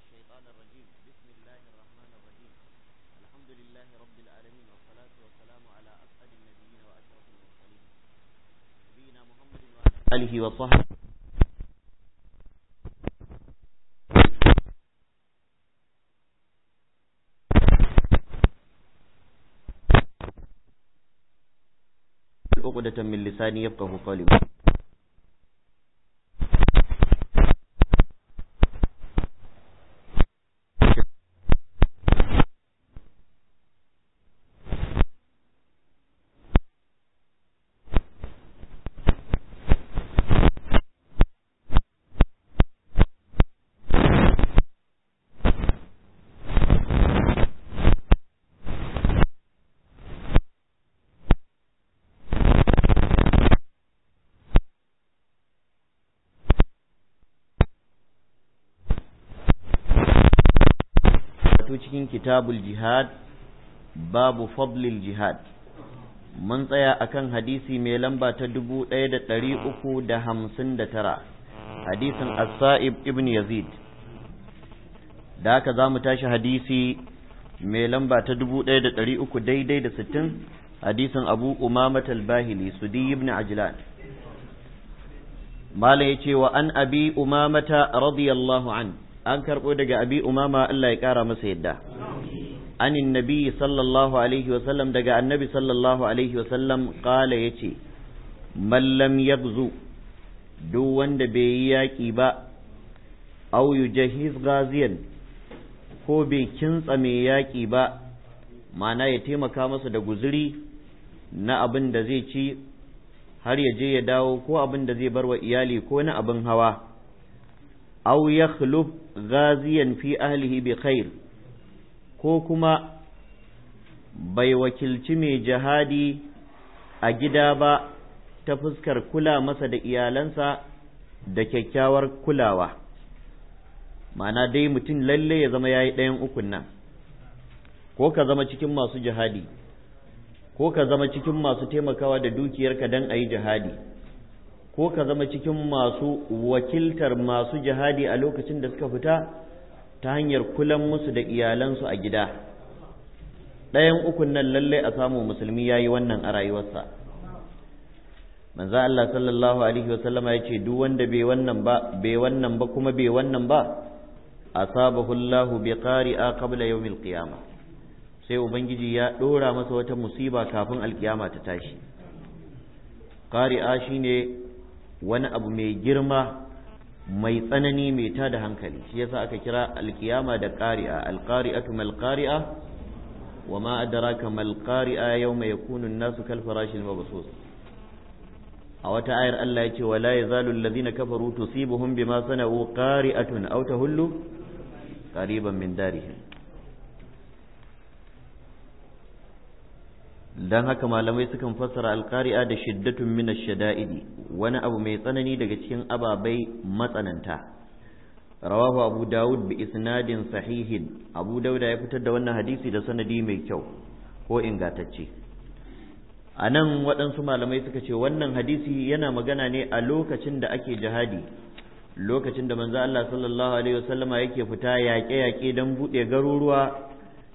الشيطان الرجيم بسم الله الرحمن الرحيم الحمد لله رب العالمين والصلاة والسلام على أسعد النبيين وأشرف المرسلين نبينا محمد وعلى آله وصحبه عقدة من لساني يبقى قولي kitabul jihad babu fablil jihad mun tsaya akan hadisi mai lamba ta dubu ɗaya da ɗari uku da hamsin da tara hadisin as-sa'ib ibn yazid da haka za mu tashi hadisi mai lamba ta dubu ɗaya da ɗari uku daidai da sittin hadisin abu umamat al-bahili sudi ibn ajlan mala ya cewa wa an abi umamata radiyallahu an an karɓo daga abi umama Allah ya ƙara masa yadda عن النبي صلى الله عليه وسلم دقى النبي صلى الله عليه وسلم قال يتي من لم يغزو دو وند بيياكي با أو يجهز غازيا ko bai kintsa mai yaƙi ba ma'ana ya taimaka masa da guziri na abin da zai ci har ya je ya dawo ko abin da zai bar wa iyali ko na abin hawa aw yakhluf ghaziyan fi ahlihi bi khair ko kuma bai wakilci mai jihadi a gida ba ta fuskar kula masa da iyalansa da kyakkyawar kulawa mana dai mutum lalle ya zama yayi ɗayan ukun nan ko ka zama cikin masu jihadi ko ka zama cikin masu taimakawa da dukiyarka don a yi jihadi ko ka zama cikin masu wakiltar masu jihadi a lokacin da suka fita ta hanyar kulan musu da iyalansu a gida ɗayan ukun nan lallai a samu musulmi ya yi wannan a rayuwarsa manzo Allah sallallahu alaihi wasallama ya ce duk wanda bai wannan ba bai wannan ba kuma bai wannan ba asabahu Allahu bi qari'a qabla yawmil qiyama sai ubangiji ya dora masa wata musiba kafin alkiyama ta tashi qari'a shine wani abu mai girma mai tsanani mai ta da hankali shi yasa aka kira alkiyama da ƙari'a, alqari'atu mal ƙari'a. wa ma adraka mal yau yawma yakunu an-nasu kal farashil mabsus a wata ayar Allah ya ce wa la yazalu alladhina kafaru tusibuhum bima sana'u qari'atun aw tahullu qariban min darihim dan haka malamai sukan fassara alqari'a da shiddatun min ash-shada'idi wani abu mai tsanani daga cikin ababai matsananta rawahu abu dawud bi isnadin sahihin abu dauda ya fitar da wannan hadisi da sanadi mai kyau ko ingatacce a nan waɗansu malamai suka ce wannan hadisi yana magana ne a lokacin da ake jihadi lokacin da manzo Allah sallallahu alaihi wasallama yake fita yaƙe-yaƙe don buɗe garuruwa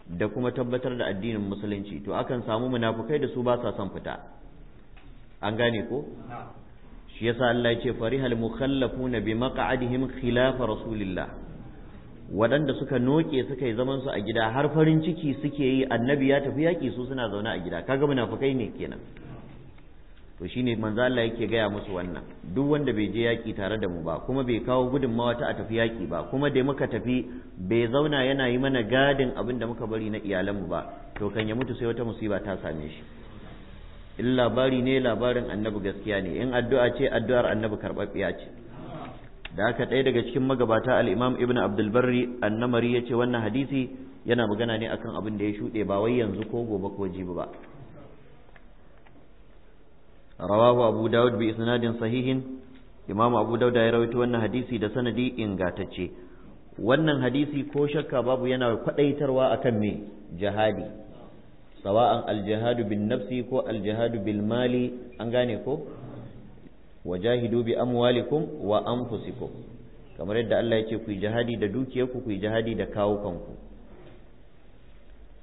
da kuma tabbatar da addinin musulunci to akan samu munafukai da su ba sa son fita an gane ko shi yasa Allah ya ce farihal mukhallafuna bi maq'adihim khilafa rasulillah waɗanda suka noke suka yi zaman su a gida har farin ciki suke yi annabi ya tafi yaƙi su suna zaune a gida kaga munafukai ne kenan to shine manzo Allah yake gaya musu wannan duk wanda bai je yaki tare da mu ba kuma bai kawo gudunmawa ta a tafi yaki ba kuma dai muka tafi bai zauna yana yi mana gadin abin da muka bari na iyalan mu ba to kan ya mutu sai wata musiba ta same shi in labari ne labarin annabi gaskiya ne in addu'a ce addu'ar annabi karɓaɓɓiya ce da haka ɗaya daga cikin magabata al-imam ibn abdulbarri annamari ya ce wannan hadisi yana magana ne akan abin da ya shuɗe ba wai yanzu ko gobe ko jibi ba rawahu abu dawud bi isnadin sahihin imam abu dawud ya rawaito wannan hadisi da sanadi ingatacce wannan hadisi ko shakka babu yana kwadaitarwa akan me jihadi sawa'an aljihadu bin nafsi ko aljihadu bil mali an gane ko wajahidu bi amwalikum wa anfusikum kamar yadda Allah ya ku jihadi da dukiyarku ku jihadi da kawukanku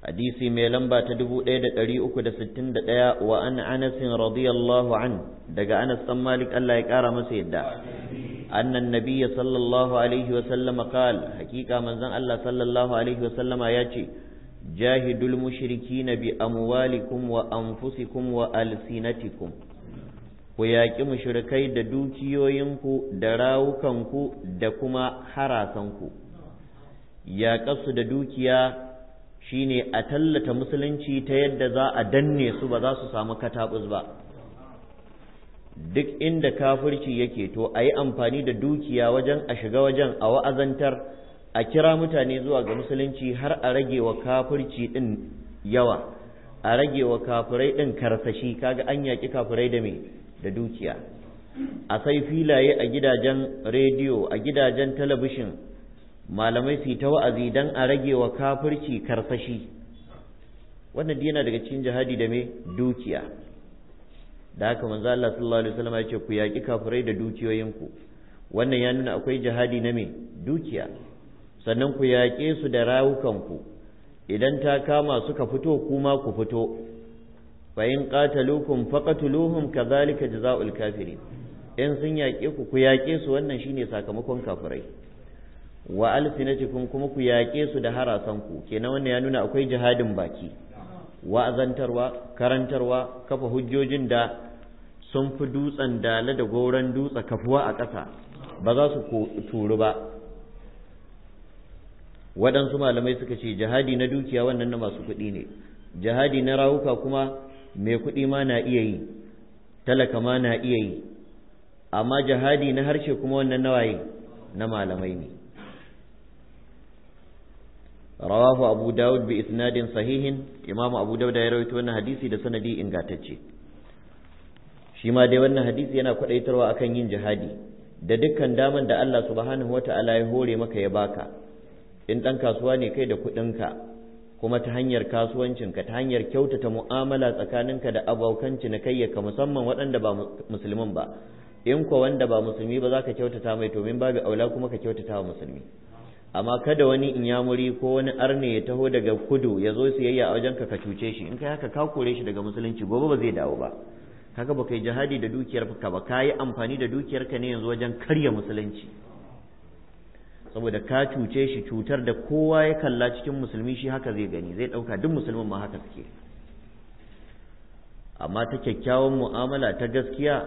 hadisi mai lamba ta 1361 wa an anas radiyallahu an daga anas dan Allah ya kara masa yadda annan nabiyya sallallahu alaihi wa sallam qal hakika manzon Allah sallallahu alaihi wa sallama yace jahidul mushrikin bi amwalikum wa anfusikum wa alsinatikum ku yaƙi mushirikai da dukiyoyinku da rawukanku da kuma harakanku harasanku yaƙarsu da dukiya shine a tallata musulunci ta yadda za a danne su ba za su samu katabus ba duk inda kafirci yake to a yi amfani da dukiya wajen a shiga wajen a wa'azantar a kira mutane zuwa ga musulunci har a rage wa kafirci ɗin yawa a rage wa kafirai ɗin karsashi kaga an yaƙi kafirai da me da dukiya a sai filaye a gidajen rediyo a gidajen talabishin malamai su yi ta wa'azi don a rage wa kafirci karsashi wannan yana daga cikin jihadi da mai dukiya da haka manzo Allah sallallahu alaihi wasallam ya ce ku yaki kafirai da dukiyoyinku wannan ya nuna akwai jihadi na mai dukiya sannan ku yaƙe su da rawukanku idan ta kama suka fito kuma ku fito fa in qataluukum faqatuluhum kadhalika jazaa'ul kafirin in sun yaƙe ku ku yaƙe su wannan shine sakamakon kafirai wa alsinatikum kuma ku yaƙe su da harasan harasanku kenan wannan ya nuna akwai jihadin baki wa'azantarwa karantarwa kafa hujjojin da sun fi dutsen dala da goron dutse kafuwa a ƙasa ba za su turu ba waɗansu malamai suka ce jihadi na dukiya wannan na masu kuɗi ne jihadi na rawuka kuma mai kuɗi ma na iya yi talaka ma na iya yi amma jihadi na harshe kuma wannan nawaye na malamai ne rawahu abu dawud bi isnadin sahihin imamu abu dawud ya rawaito wannan hadisi da sanadi ingantacce shi ma dai wannan hadisi yana kwadaitarwa akan yin jihadi da dukkan daman da Allah suba subhanahu wata'ala ya hore maka ya baka in dan kasuwa ne kai da kuɗinka kuma ta hanyar kasuwancinka ta hanyar kyautata mu'amala tsakaninka da abokanci abokan cinikayyarka musamman waɗanda ba musulmin ba in ko wanda ba musulmi ba za ka kyautata mai domin min babu aula kuma ka kyautata wa musulmi amma kada wani inyamuri ko wani arne ya taho daga kudu ya zo siyayya a wajenka ka cuce shi in kai haka ka kore shi daga musulunci gobe ba zai dawo ba kaga baka yi jihadi da dukiyar ka ba ka yi amfani da dukiyar ka ne yanzu wajen karya musulunci saboda ka cuce shi cutar da kowa ya kalla cikin musulmi shi haka zai gani zai ɗauka duk musulmin ma haka suke amma ta kyakkyawan mu'amala ta gaskiya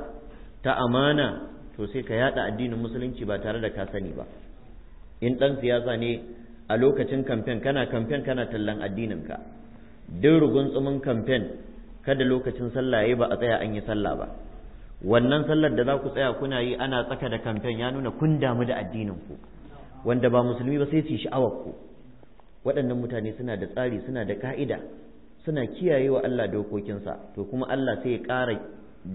ta amana to sai ka yada addinin musulunci ba tare da ka sani ba in ɗan siyasa ne a lokacin kamfen kana kamfen kana tallan addininka duk rugun tsumin kamfen kada lokacin sallah yayi ba a tsaya an yi sallah ba wannan sallar da za ku tsaya kuna yi ana tsaka da kamfen ya nuna kun damu da addinin ku wanda ba musulmi ba sai su yi sha'awar ku waɗannan mutane suna da tsari suna da ka'ida suna kiyaye wa Allah dokokinsa to kuma Allah sai ya ƙara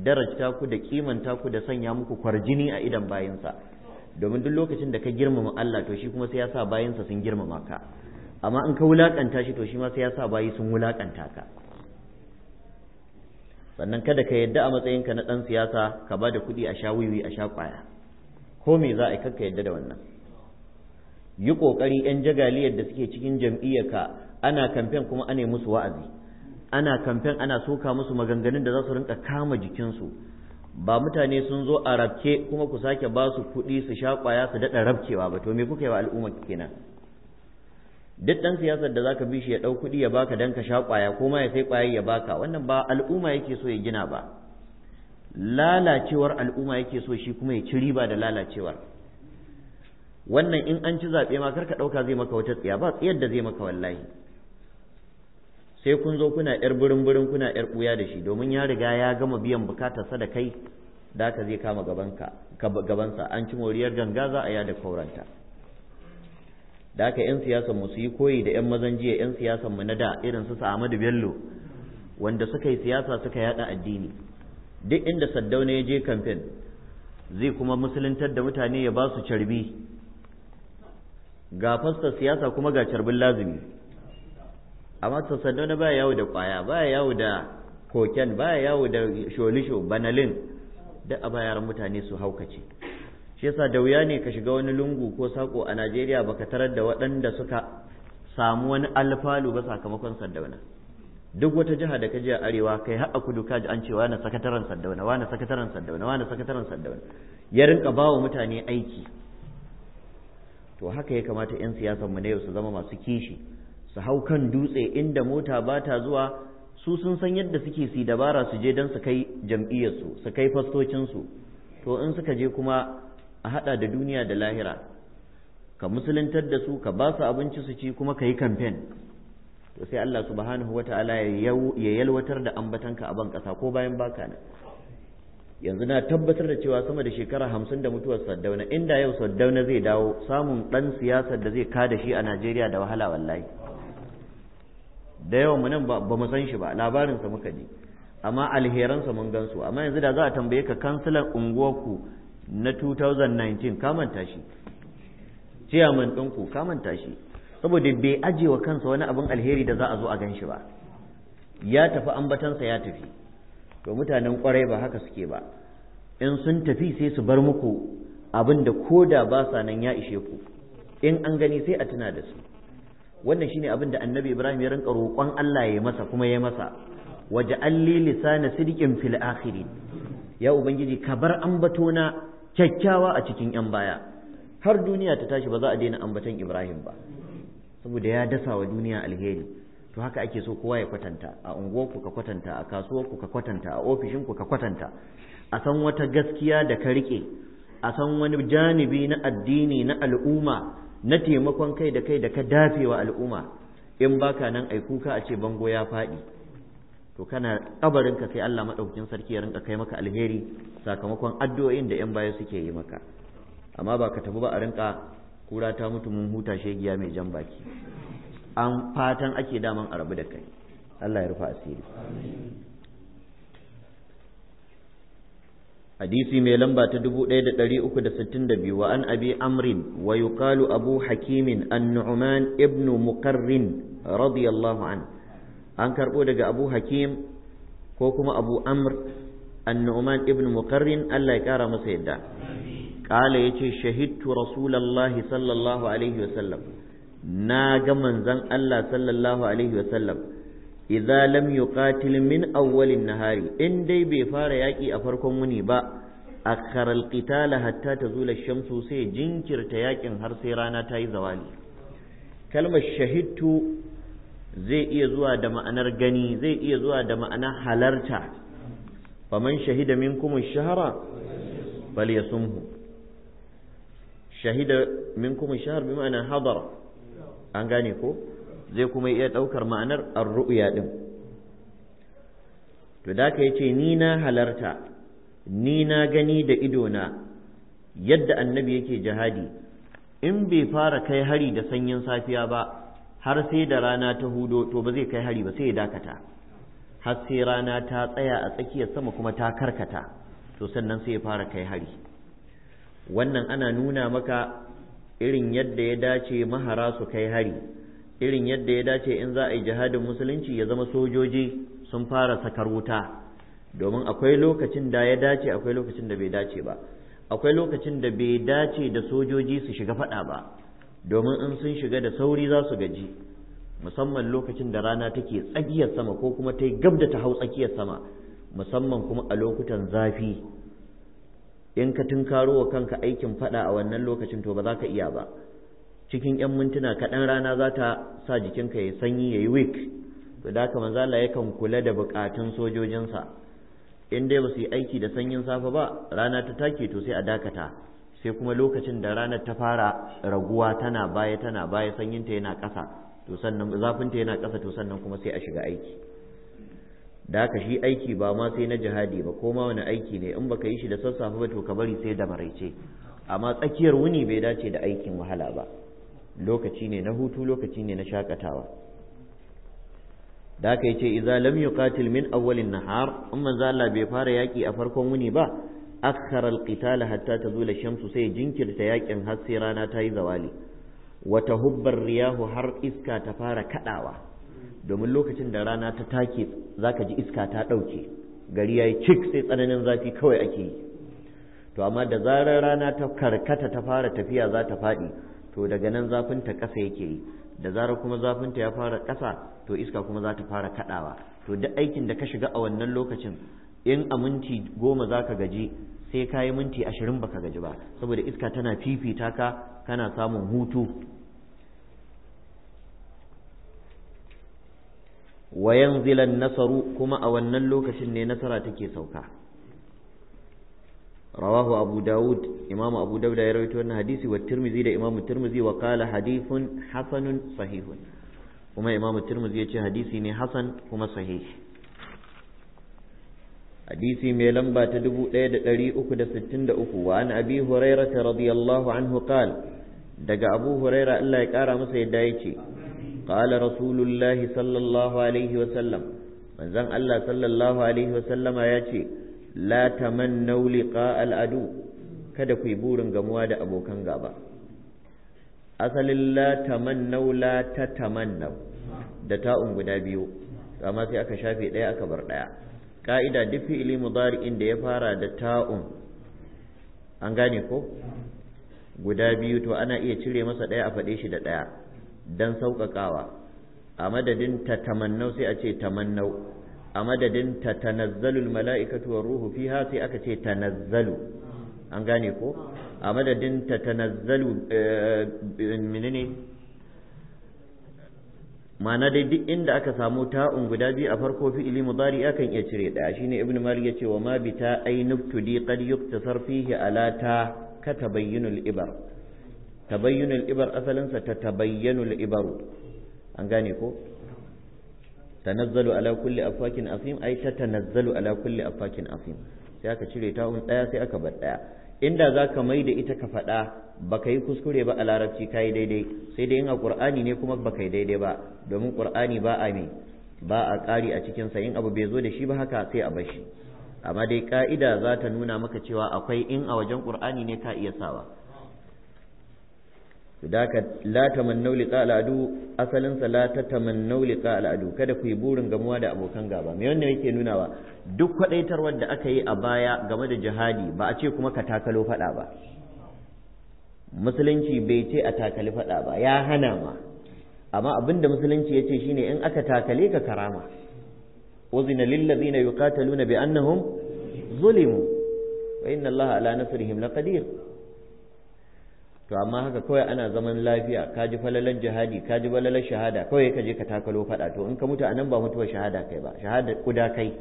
darajta ku da kimanta ku da sanya muku kwarjini a idan bayinsa domin duk lokacin da ka girmama Allah to shi kuma sai ya sa bayansa sun girmama ka amma in ka wulakanta shi to shi ma sai ya sa bayi sun wulakanta ka sannan kada ka yadda a matsayinka na ɗan siyasa ka ba da kuɗi a sha wiwi a sha ƙwaya ko me za a yi ka yadda da wannan yi ƙoƙari 'yan jagaliyar da suke cikin ka ana kamfen kuma ana musu wa'azi ana kamfen ana soka musu maganganun da za su rinka kama jikinsu ba mutane sun zo a rabke kuma ku sake ba su kuɗi su sha ƙwaya su daɗa rafkewa ba to me kuka yi wa al'umma kenan duk ɗan siyasar da zaka bi shi ya ɗau kuɗi ya baka dan ka sha ƙwaya ko ma ya sai ƙwaya ya baka wannan ba al'umma yake so ya gina ba lalacewar al'umma yake so shi kuma ya ci riba da lalacewar wannan in an ci zaɓe ma kar ka ɗauka zai maka wata tsiya ba tsiyar da zai maka wallahi sai kun zo kuna yar burin burin kuna yar ɓuya da shi domin ya riga ya gama biyan bukatarsa da kai da ka zai kama gabanka gabansa an ci moriyar ganga za a yada kauranta da aka yan siyasan mu su yi koyi da yan mazan jiya yan siyasan mu na da irin su Ahmadu Bello wanda suka yi siyasa suka yada addini duk inda Saddauna ya je kamfen zai kuma musuluntar da mutane ya ba su carbi ga fasta siyasa kuma ga carbin lazimi amma to na baya yawo da kwaya baya yawo da koken baya yawo da sholisho banalin da a bayar mutane su haukace shi yasa da wuya ne ka shiga wani lungu ko sako a Najeriya baka tarar da waɗanda suka samu wani alfalu ba sakamakon sandauna duk wata jiha da ka je a arewa kai haɗa kudu ka ji an ce wani sakataren sandauna wani sakataren sandauna wani sakataren sandauna ya rinka bawa mutane aiki to haka ya kamata 'yan mu na yau su zama masu kishi su hau kan dutse inda mota ba ta zuwa su sun san yadda suke su dabara su je don su kai jam'iyyarsu su kai fastocinsu to in suka je kuma a hada da duniya da lahira ka musuluntar da su ka ba su abinci su ci kuma ka yi kamfen to sai Allah subhanahu wa ta'ala ya yalwatar da ambatanka a ban ko bayan baka nan yanzu na tabbatar da cewa sama da shekara hamsin da mutuwar saddauna inda yau saddauna zai dawo samun ɗan siyasar da zai kada shi a najeriya da wahala wallahi da yawan mu nan ba mu san shi ba sa muka ji amma alheransa mun gan su amma yanzu da za a tambaye ka kansilan unguwarku na 2019 ka manta shi ciyaman ku ka manta shi saboda bai aje kansa wani abin alheri da za a zo a gan shi ba ya tafi sa ya tafi to mutanen kwarai ba haka suke ba in sun tafi sai su bar muku abin da ko da ba sa nan ya ishe ku in an gani sai a tuna da su wannan shine abin da annabi ibrahim ya rinka roƙon allah ya masa kuma ya masa waje alli lisana sidqin fil akhirin ya ubangiji ka bar ambato na kyakkyawa a cikin yan baya har duniya ta tashi ba za a daina ambaton ibrahim ba saboda ya dasa wa duniya alheri to haka ake so kowa ya kwatanta a ku ka kwatanta a ku ka kwatanta a ofishinku ka kwatanta a san wata gaskiya da ka rike a san wani janibi na addini na al'umma na taimakon kai da kai da ka dafe wa al'umma in baka nan ai kuka a ce bango ya faɗi to kana ƙabarin ka sai Allah madaukakin sarki ya rinka kai maka alheri sakamakon addu'o'in da yan baya suke yi maka amma ba ka tafi ba a rinka kura ta mutu mun huta shegiya mai jan baki an fatan ake daman a rabu da kai Allah ya rufa asiri hadisi mai lamba ta 1362 wa an abi amrin wa abu hakimin an-nu'man ibn muqarrin radiyallahu an an karbo daga abu hakim ko kuma abu amr an-nu'man ibn mukarrin Allah ya kara masa yadda qala yace shahidtu rasulullahi sallallahu alaihi wasallam na ga manzon Allah sallallahu idza lam yuqatil min awwalin nahari in dai bai fara yaki a farkon wuni ba akhara alqitala hatta tazula shamsu sai jinkirta yakin har sai rana ta yi zawali kalmar shahidtu zai iya zuwa da ma'anar gani zai iya zuwa da ma'anar halarta faman shahida minkum ash-shahra falyasumhu shahida minkum ash-shahr bi ma'ana hadara an gane ko zai kuma iya ɗaukar ma'anar an ru'uya ɗin to da ka yace ni na halarta ni na gani da idona yadda annabi yake jihadi in bai fara kai hari da sanyin safiya ba har sai da rana ta hudo to ba zai kai hari ba sai ya dakata har sai rana ta tsaya a tsakiyar sama kuma ta karkata to sannan sai ya fara kai hari wannan ana nuna maka irin yadda ya dace mahara su kai hari irin yadda ya dace in za a yi jihadin musulunci ya zama sojoji sun fara sakar wuta domin akwai lokacin da ya dace akwai lokacin da bai dace ba akwai lokacin da bai dace da sojoji su shiga faɗa ba domin in sun shiga da sauri za su gaji musamman lokacin da rana take tsakiyar sama ko kuma ta yi gab da ta hau tsakiyar sama musamman kuma a lokutan zafi in ka tunkaro wa kanka aikin faɗa a wannan lokacin to ba za ka iya ba cikin 'yan mintuna kaɗan rana za ta sa jikinka ya sanyi ya yi wik to da haka manzo Allah yakan kula da buƙatun sojojinsa in dai ba su yi aiki da sanyin safe ba rana ta take to sai a dakata sai kuma lokacin da ranar ta fara raguwa tana baya tana baya sanyinta yana ƙasa to sannan zafinta yana ƙasa to sannan kuma sai a shiga aiki da haka shi aiki ba ma sai na jihadi ba ko ma wani aiki ne in baka yi shi da sassafe ba to ka bari sai da maraice amma tsakiyar wuni bai dace da aikin wahala ba lokaci ne na hutu lokaci ne na shakatawa da aka ce idza lam yuqatil min awwalin nahar amma za Allah bai fara yaki a farkon wuni ba akhara alqital hatta tazula shamsu sai jinkirta yakin har sai rana ta yi zawali wa tahubbar riyahu har iska ta fara kadawa domin lokacin da rana ta take zaka ji iska ta dauke gari yayi cik sai tsananin zafi kawai ake yi to amma da zarar rana ta karkata ta fara tafiya za ta faɗi to daga nan zafinta ta ƙasa yake yi da zarar kuma zafinta ya fara ƙasa to iska kuma za ta fara kaɗawa to duk aikin da ka shiga a wannan lokacin in a minti goma za ka gaji sai ka yi minti ashirin baka gaji ba saboda iska tana fifita ka kana samun hutu Wayanzilan nasaru kuma a wannan lokacin ne nasara take sauka rawahu abu daud imamu abu daud ya rawaito wannan hadisi wa tirmizi da imamu tirmizi wa qala hadithun hasanun sahihun kuma imamu tirmizi ya ce hadisi ne hasan kuma sahih hadisi mai lamba ta 1363 wa an abi hurairah radiyallahu anhu qala daga abu huraira Allah ya kara masa yadda ya ce ƙala rasulullahi sallallahu alaihi wasallam manzon Allah sallallahu alaihi wasallama ya ce la tamannaw liqa al adu kada ku yi burin gamuwa da abokan gaba asalin la tamannaw la ta da ta'un guda biyu amma sai aka shafe ɗaya aka bar ɗaya ka'ida duk fi'ili mudari'in da ya fara da ta'un an gane ko guda biyu to ana iya cire masa ɗaya a faɗe shi da ɗaya dan sauƙaƙawa a madadin ta tamannau sai a ce tamannau a madadin ta tanazzalul mala'ikatu wa ruhu fiha sai aka ce tanazzalu an gane ko a madadin ta tanazzalu eh, eh, menene ma'ana dai duk inda aka samu ta'un guda biyu a farko fi'ili mudari akan iya cire ɗaya shine ibn malik yace wa ma bi ta di qad yuktasar fihi ala ta ka tabayyunul ibar tabayyunul ibar asalin sa ta tabayyunul ibaru an gane ko tanazzalu ala kulli afakin asim ai ta tanazzalu ala kulli afakin asim sai aka cire ta un daya sai aka bar daya inda za ka mai da ita ka faɗa baka yi kuskure ba a larabci ka daidai sai dai in a ƙur'ani ne kuma baka yi daidai ba domin ƙur'ani ba a ne ba a ƙari a cikinsa in abu bai zo da shi ba haka sai a bar shi amma dai ka'ida za ta nuna maka cewa akwai in a wajen ƙur'ani ne ka iya sawa daka la tamannu liqa al'adu asalin sa la tatamannu liqa al'adu kada ku yi burin gamuwa da abokan gaba me wannan yake nunawa duk kwadaitarwar da aka yi a baya game da jihadi ba a ce kuma ka takalo fada ba musulunci bai ce a takali fada ba ya hana ma amma abinda musulunci ya ce shine in aka takale ka karama uzina lil ladina yuqataluna bi annahum zulimu wa inna allaha ala nasrihim laqadir to amma haka kawai ana zaman lafiya ka ji falalan jihadi ka ji falalar shahada kawai ka je ka takalo faɗa to in ka mutu anan ba mutuwar shahada kai ba shahada kuda kai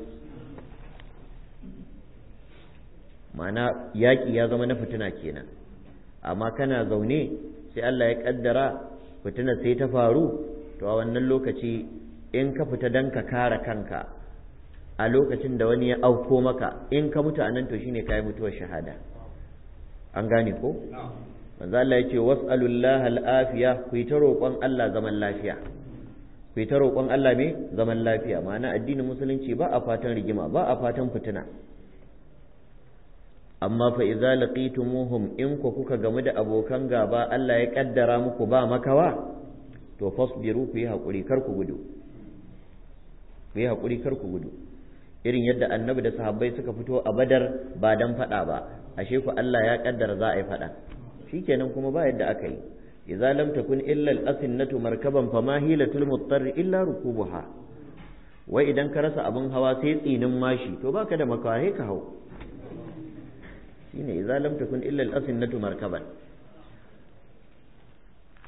ma'ana yaƙi ya zama na fitina kenan amma kana zaune sai Allah ya kaddara fitina sai ta faru to a wannan lokaci in ka fita dan ka kare kanka a lokacin da wani ya auko maka in ka mutu anan to shine kai mutuwar shahada an gane ko manzo Allah yake was'alullaha al'afiya ku yi ta roƙon Allah zaman lafiya ku yi ta roƙon Allah me zaman lafiya ma'ana addinin musulunci ba a fatan rigima ba a fatan fitina amma fa idza laqitumuhum in ku kuka gamu da abokan gaba Allah ya kaddara muku ba makawa to fasbiru ku yi hakuri kar ku gudu ku hakuri kar ku gudu irin yadda annabi da sahabbai suka fito a badar ba dan faɗa ba ashe ku Allah ya kaddara za a yi faɗa shikenan kuma ba yadda aka yi idza lam takun illa al-asinnatu markaban hila hilatul muttar illa rukubuha wai idan ka rasa abin hawa sai tsinin mashi to baka da makawa ka hau shine idza lam takun illa al-asinnatu markaban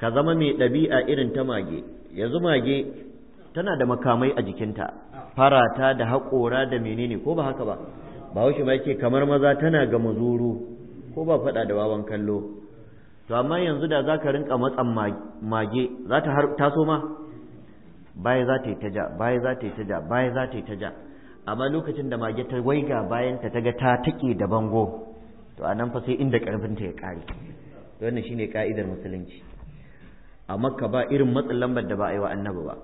ka zama mai ɗabi'a irin ta mage yanzu mage tana da makamai a jikinta farata da haƙora da menene ko ba haka ba ba ma yake kamar maza tana ga muzuru ko ba faɗa da wawan kallo to amma yanzu da za ka rinka matsan mage za ta har taso ma baya za ta yi ta ja baya za ta yi ta ja baya za ta yi ta amma lokacin da mage ta waiga bayan ta taga ta take da bango to anan fa sai inda karfin ta ya kare wannan shine ka'idar musulunci a makka ba irin matsin lambar da ba a yi wa annabi ba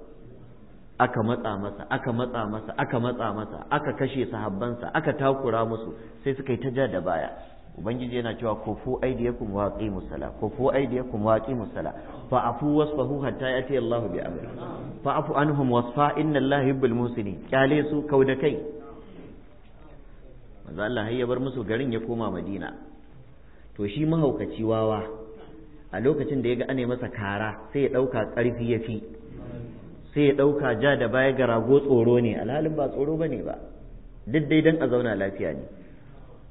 aka matsa masa aka matsa masa aka matsa masa aka kashe sahabbansa aka takura musu sai suka yi ta ja da baya ubangiji yana cewa ko fu aydiyakum wa aqimus sala ko fu ya wa aqimus sala fa afu wasfahu hatta yati Allahu bi amri fa afu anhum wasfa inna Allaha yuhibbul muhsinin kyale su kauda kai manzo Allah hayya bar musu garin ya koma Madina to shi mahaukaci wawa a lokacin da ya ga ane masa kara sai ya dauka karfi yafi sai ya dauka ja da baya ga rago tsoro ne alhalin ba tsoro bane ba duk dai dan a zauna lafiya ne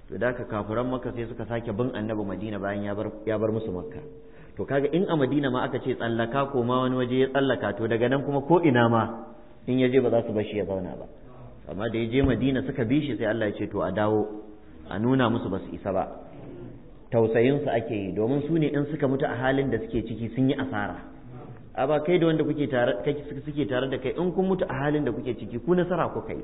to da ka kafiran makka sai suka sake bin annabi madina bayan ya bar musu makka to kaga in a madina ma aka ce tsallaka ko ma wani waje ya tsallaka to daga nan kuma ko ina ma in ya je ba za su bashi ya zauna ba amma da ya je madina suka bi shi sai Allah ya ce to a dawo a nuna musu ba su isa ba tausayinsu ake yi domin su ne in suka mutu a halin da suke ciki sun yi asara a ba kai da wanda kuke tare suke tare da kai in kun mutu a halin da kuke ciki ku nasara ku kai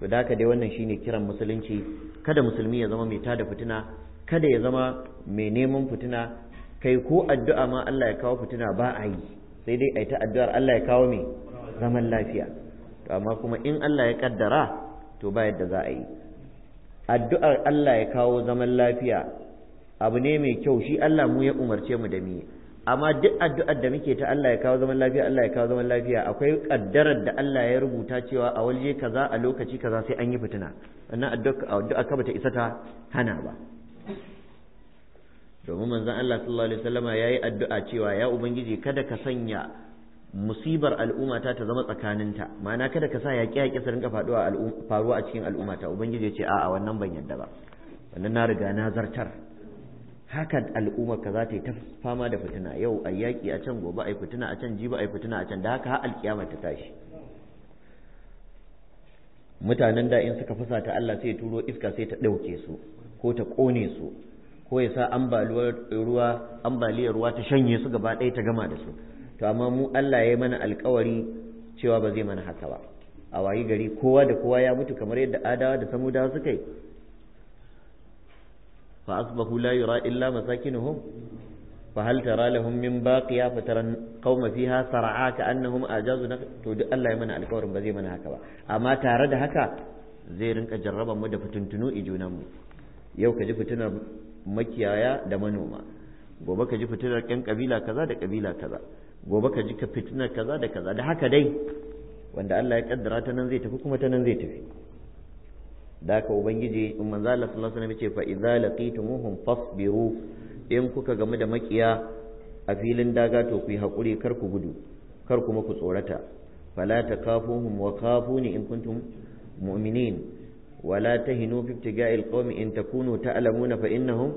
to da haka dai wannan shine kiran musulunci kada musulmi ya zama mai tada fitina kada ya zama mai neman fitina kai ko addu'a ma Allah ya kawo fitina ba a yi sai dai a yi ta addu'ar Allah ya kawo mai zaman lafiya to amma kuma in Allah ya kaddara to ba yadda za a yi addu'ar Allah ya kawo zaman lafiya abu ne mai kyau shi Allah mu ya umarce mu da mu amma duk addu'ar da muke ta Allah ya kawo zaman lafiya Allah ya kawo zaman lafiya akwai kaddarar da Allah ya rubuta cewa a waje kaza a lokaci kaza sai an yi fitina wannan addu'a ka bata isa ta hana ba domin manzon Allah sallallahu alaihi wasallama yayi addu'a cewa ya ubangiji kada ka sanya musibar al'ummata ta zama tsakaninta ma'ana kada ka sa ya yaƙi su rinka faruwa a cikin al'ummata ubangiji ya ce a'a wannan ban yadda ba wannan na riga na zartar hakan al'umma ka za ta yi ta fama da fitina yau a yaƙi a can gobe a yi fitina a can jiba a yi fitina a can da haka har alƙiyama ta tashi mutanen da in suka fasa ta Allah sai ya turo iska sai ta ɗauke su ko ta ƙone su ko ya sa ambaliyar ruwa ta shanye su gaba ɗaya ta gama da su to amma mu Allah ya yi mana alƙawari cewa ba zai mana haka ba a wayi gari kowa da kowa ya mutu kamar yadda adawa da samudawa suka yi fa asbahu la yura illa masakinuhum fa hal tara lahum min baqiya fa tara qauma fiha sar'a ka annahum ajazu to duk Allah ya mana alƙawarin ba zai mana haka ba amma tare da haka zai rinka jarraba mu da fitintunu ijunan mu yau ka ji fitinar makiyaya da manoma gobe ka ji fitinar ƴan kabila kaza da kabila kaza gobe ka ji ka fitinar kaza da kaza da haka dai wanda Allah ya kaddara ta nan zai tafi kuma ta nan zai tafi da haka ubangiji in manzo Allah sallallahu alaihi wasallam ce fa idza laqitumuhum fasbiru in kuka gamu da makiya a filin daga to ku yi hakuri kar ku gudu kar kuma ku tsorata fala takafuhum wa kafuni in kuntum mu'minin wala tahinu fi ibtiga'il qaumi in takunu ta'lamuna fa innahum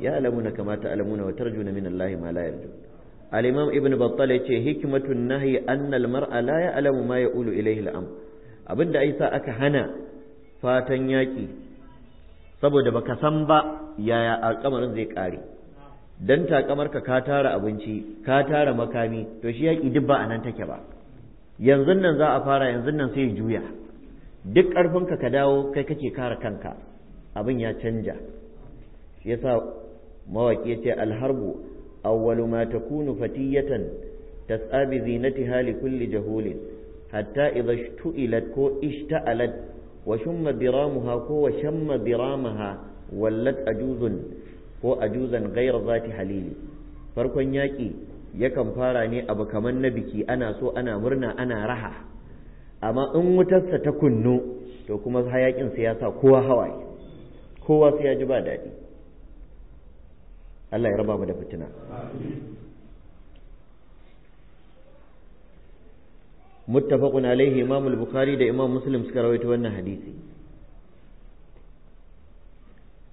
ya'lamuna kama ta'lamuna wa tarjuna min Allah ma la yarju al-imam ibn battal yace hikmatun nahyi anna al-mar'a la ya'lamu ma ya'ulu ilayhi al-amr abinda aisa aka hana fatan yaƙi saboda baka san ba yaya alƙamarin zai ƙare dan takamar ka tara abinci ka tara makami to shi yaƙi duk ba a nan take ba yanzu nan za a fara yanzu nan sai juya duk ƙarfinka ka dawo kai kake kare kanka abin ya canja shi yasa mawaƙi yace alharbu awwalu ma takunu fatiyatan tas'a bi zinatiha li kulli jahulin hatta idha ishtu'ilat ko ishta'alat wa shumma diramaha ko wa shamma diramaha wallat ajuzun ko ajuzan ghayra zati halili farkon yaƙi yakan fara ne abu kaman na biki ana so ana murna ana raha amma in wutarsa ta kunno to kuma hayaƙin sa ya sa kowa hawaye kowa sai ya ji ba daɗi Allah ya raba mu da fitina muttafaqun alaihi imam al-bukhari da imam muslim suka rawaito wannan hadisi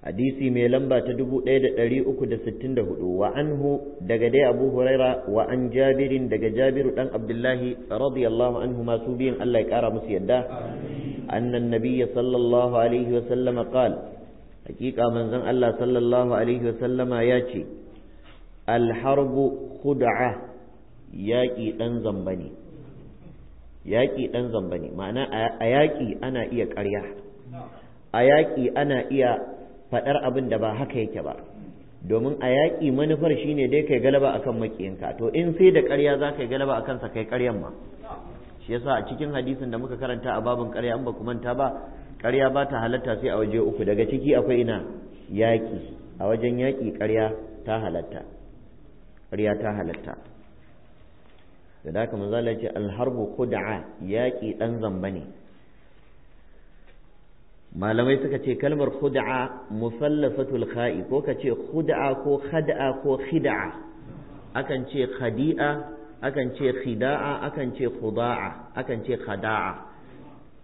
hadisi mai lamba ta 1364 wa anhu daga dai abu huraira wa an jabirin daga jabiru dan abdullahi radiyallahu anhu masu biyan Allah ya kara musu yadda annan nabiyya sallallahu alaihi wa sallama qala hakika manzon Allah sallallahu alaihi wa sallama ya ce alharbu khud'a yaƙi ɗan zambani. ne yaƙi ɗan zamba ne ma'ana a yaƙi ana iya ƙarya a yaƙi ana iya faɗar abin da ba haka yake ba domin a yaƙi manufar shi ne dai kai galaba akan maƙiyinka to in sai da ƙarya za ka galaba a kansa kai ƙaryan ma shi yasa a cikin hadisin da muka karanta a babin ƙarya an ba ku manta ba ƙarya ba ta halatta sai a waje uku daga ciki akwai ina yaƙi a wajen yaƙi ƙarya ta halatta ƙarya ta halatta to da haka manzo Allah ya ce alharbu khud'a yaki dan zamba ne malamai suka ce kalmar khud'a musallafatul kha'i ko ka ce khud'a ko khad'a ko khid'a akan ce khadi'a akan ce khida'a akan ce khuda'a akan ce khada'a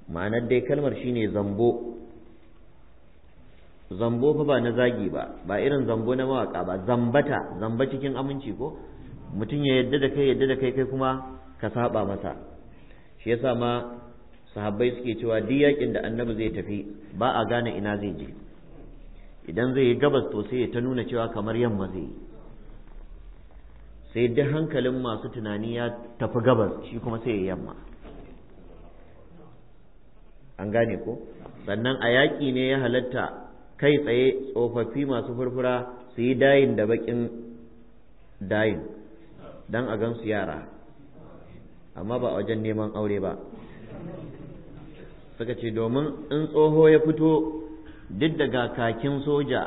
ma'anar dai kalmar shine zambo zambo fa ba na zagi ba ba irin zambo na mawaka ba zambata zamba cikin aminci ko mutum ya yadda da kai yadda da kai kai kuma ka saba masa shi yasa ma sahabbai suke cewa duk yakin da annabi zai tafi ba a gane ina zai je idan zai yi gabas to sai ya ta nuna cewa kamar yamma zai yi sai duk hankalin masu tunani ya tafi gabas shi kuma sai ya yamma an gane ko sannan a yaƙi ne ya halatta kai tsaye tsofaffi masu furfura su yi dayin da baƙin dayin dan a gansu yara amma ba wajen neman aure ba suka ce domin in tsoho ya fito duk da kakin soja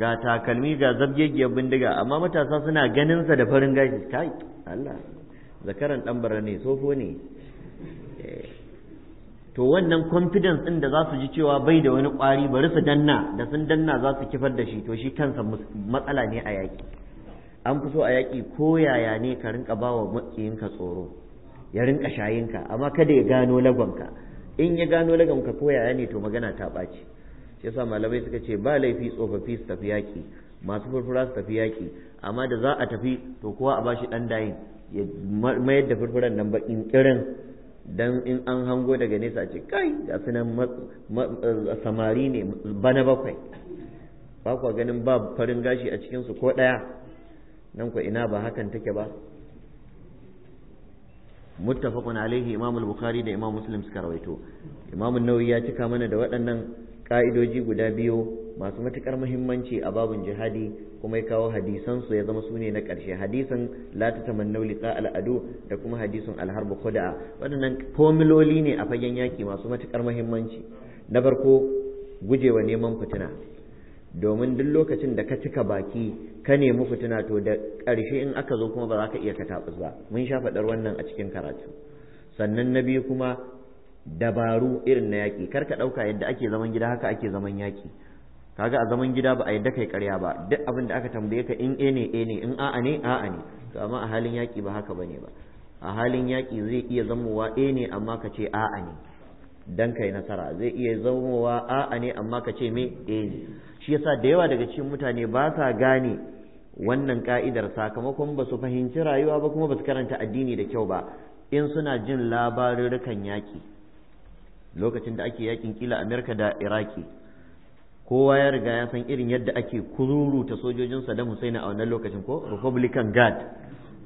ga takalmi ga zabgegiyar bindiga amma matasa suna ganinsa da farin gashi kai Allah zakaran ɗanbara ne tsofo ne eh, to wannan confidence din da za su ji cewa bai da wani kwari bari su danna da sun danna za su kifar da shi to shi kansa matsala ne a yaƙi an fi so a yaƙi ko yaya ne ka rinka ba wa maƙiyinka tsoro ya rinka shayinka amma kada ya gano lagonka in ya gano lagonka ko yaya ne to magana ta ɓaci shi yasa malamai suka ce ba laifi tsofaffi su tafi yaƙi masu furfura su tafi yaƙi amma da za a tafi to kowa a bashi ɗan dayin ya mayar da furfuran nan baƙin kirin dan in an hango daga nesa a ce kai ga nan samari ne bana bakwai ba kwa ganin ba farin gashi a cikinsu ko ɗaya nan ku ina ba hakan take ba muttafaqun alaihi imam al-bukhari da imam muslim suka rawaito imam an-nawawi ya cika mana da waɗannan ka'idoji guda biyu masu matukar muhimmanci a babun jihadi kuma ya kawo hadisan su ya zama su ne na ƙarshe hadisan la ta tamannau liqa al'adu da kuma hadisin alharbu khuda'a waɗannan komiloli ne a fagen yaki masu matukar muhimmanci na farko gujewa neman fitina domin duk lokacin da ka cika baki ka nemi fitina to da ƙarshe in aka zo kuma ba za ka iya kataɓus ba mun sha faɗar wannan a cikin karatu sannan na biyu kuma dabaru irin na yaƙi kar ka ɗauka yadda ake zaman gida haka ake zaman yaƙi kaga a zaman gida ba a yadda kai ƙarya ba duk abin da aka tambaye ka in e ne e ne in a'a ne a'a ne to amma a halin yaƙi ba haka bane ba a halin yaƙi zai iya zamowa e ne amma ka ce a'a ne dan kai nasara zai iya zamowa a'a ne amma ka ce me e ne shi yasa da yawa daga cikin mutane ba sa gane wannan ka'idar sakamakon ba su fahimci rayuwa ba kuma ba su karanta addini da kyau ba in suna jin labarurrukan yaƙi lokacin da ake yakin kila amerika da iraki kowa ya riga ya san irin yadda ake kururuta sojojin saddam hussein a wannan lokacin ko republican guard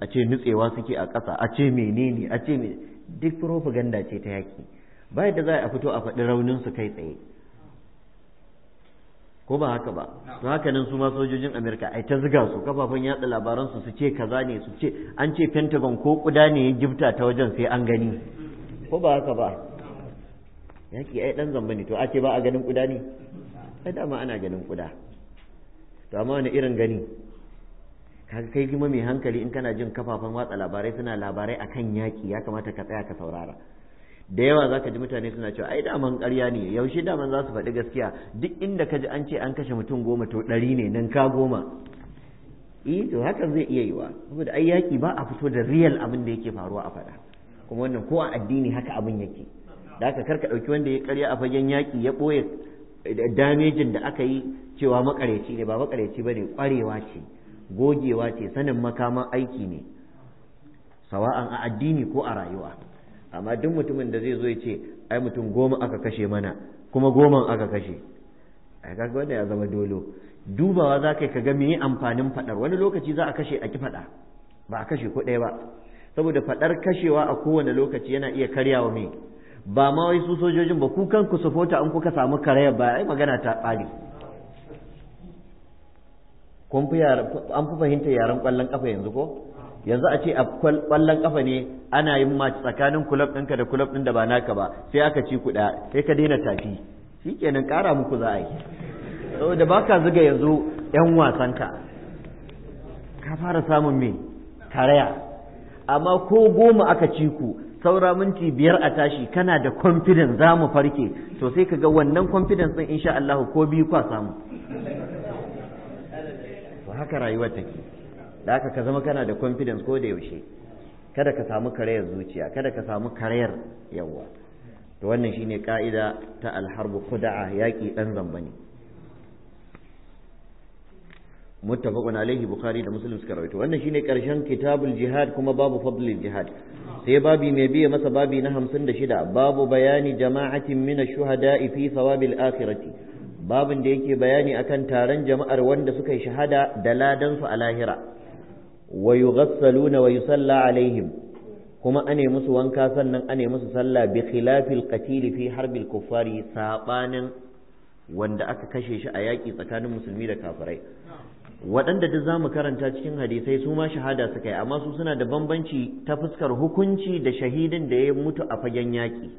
a ce nutsewa suke a ƙasa a ce menene a ce duk propaganda ce ta yaƙi ba yadda za a fito a faɗi raunin su kai tsaye ko ba haka ba to haka nan su ma sojojin Amerika ai ta ziga su kafafen yatsa labaran su su ce kaza ne su ce an ce Pentagon ko kuda ne ya gifta ta wajen sai an gani ko ba haka ba yaki ai dan zamba ne to a ce ba a ganin kuda ne ai dama ana ganin kuda to amma wani irin gani kaga kai kuma mai hankali in kana jin kafafen watsa labarai suna labarai akan yaki ya kamata ka tsaya ka saurara da yawa za ka ji mutane suna cewa ai daman ƙarya ne yaushe daman za su faɗi gaskiya duk inda ka ji an ce an kashe mutum goma to ɗari ne nan ka goma eh to hakan zai iya yiwa saboda ai yaƙi ba a fito da real abin da yake faruwa a faɗa kuma wannan ko a addini haka abin yake da haka karka ɗauki wanda ya ƙarya a fagen yaƙi ya ɓoye eh, damejin da aka yi cewa makareci ne ba makareci ba ne ƙwarewa ce gogewa ce sanin makaman aiki ne sawa'an a addini ko a rayuwa amma duk mutumin da zai zo ya ce ai mutum goma aka kashe mana kuma goman aka kashe ai kaga wanda ya zama dolo dubawa za ka ga meye amfanin fadar wani lokaci za a kashe a ki fada ba a kashe ko ɗaya ba saboda fadar kashewa a kowane lokaci yana iya karyawa me ba ma wai su sojojin ba ku kanku sufota an kuka samu karayar ba ai magana ta ɓare kun fi an fi fahimtar yaren ƙwallon kafa yanzu ko yanzu a ce a kwallon kafa ne ana yin match tsakanin kulab ɗinka da kulab ɗin da ba naka ba sai aka ci kuɗa sai ka daina tafi kenan ƙara muku za a yi saboda ba ka zuga yanzu 'yan wasanka ka fara samun me karaya amma ko goma aka ci ku saura minti biyar a tashi kana da confidence za mu farke to sai ka ga wannan confidence ɗin insha Allah ko biyu kwa samu haka rayuwar take da haka ka zama kana da confidence ko da yaushe kada ka samu karayar zuciya kada ka samu karayar yawa to wannan shine ka'ida ta alharbu khuda'a yaki dan zamba ne muttafaqun alaihi bukhari da muslim suka rawaito wannan shine karshen kitabul jihad kuma babu fadlil jihad sai babi mai biye masa babi na 56 babu bayani jama'atin min ash-shuhada'i fi thawabil akhirati babin da yake bayani akan taron jama'ar wanda suka yi shahada da ladan su a lahira wa yughassaluna wa yusalla alaihim kuma ane musu wanka sannan ane musu sallah bi khilafil qatil fi harbil kuffari sabanin wanda aka kashe shi a yaƙi tsakanin musulmi da kafirai waɗanda duk zamu karanta cikin hadisai su ma shahada suka yi amma su suna da bambanci ta fuskar hukunci da shahidin da ya mutu a fagen yaƙi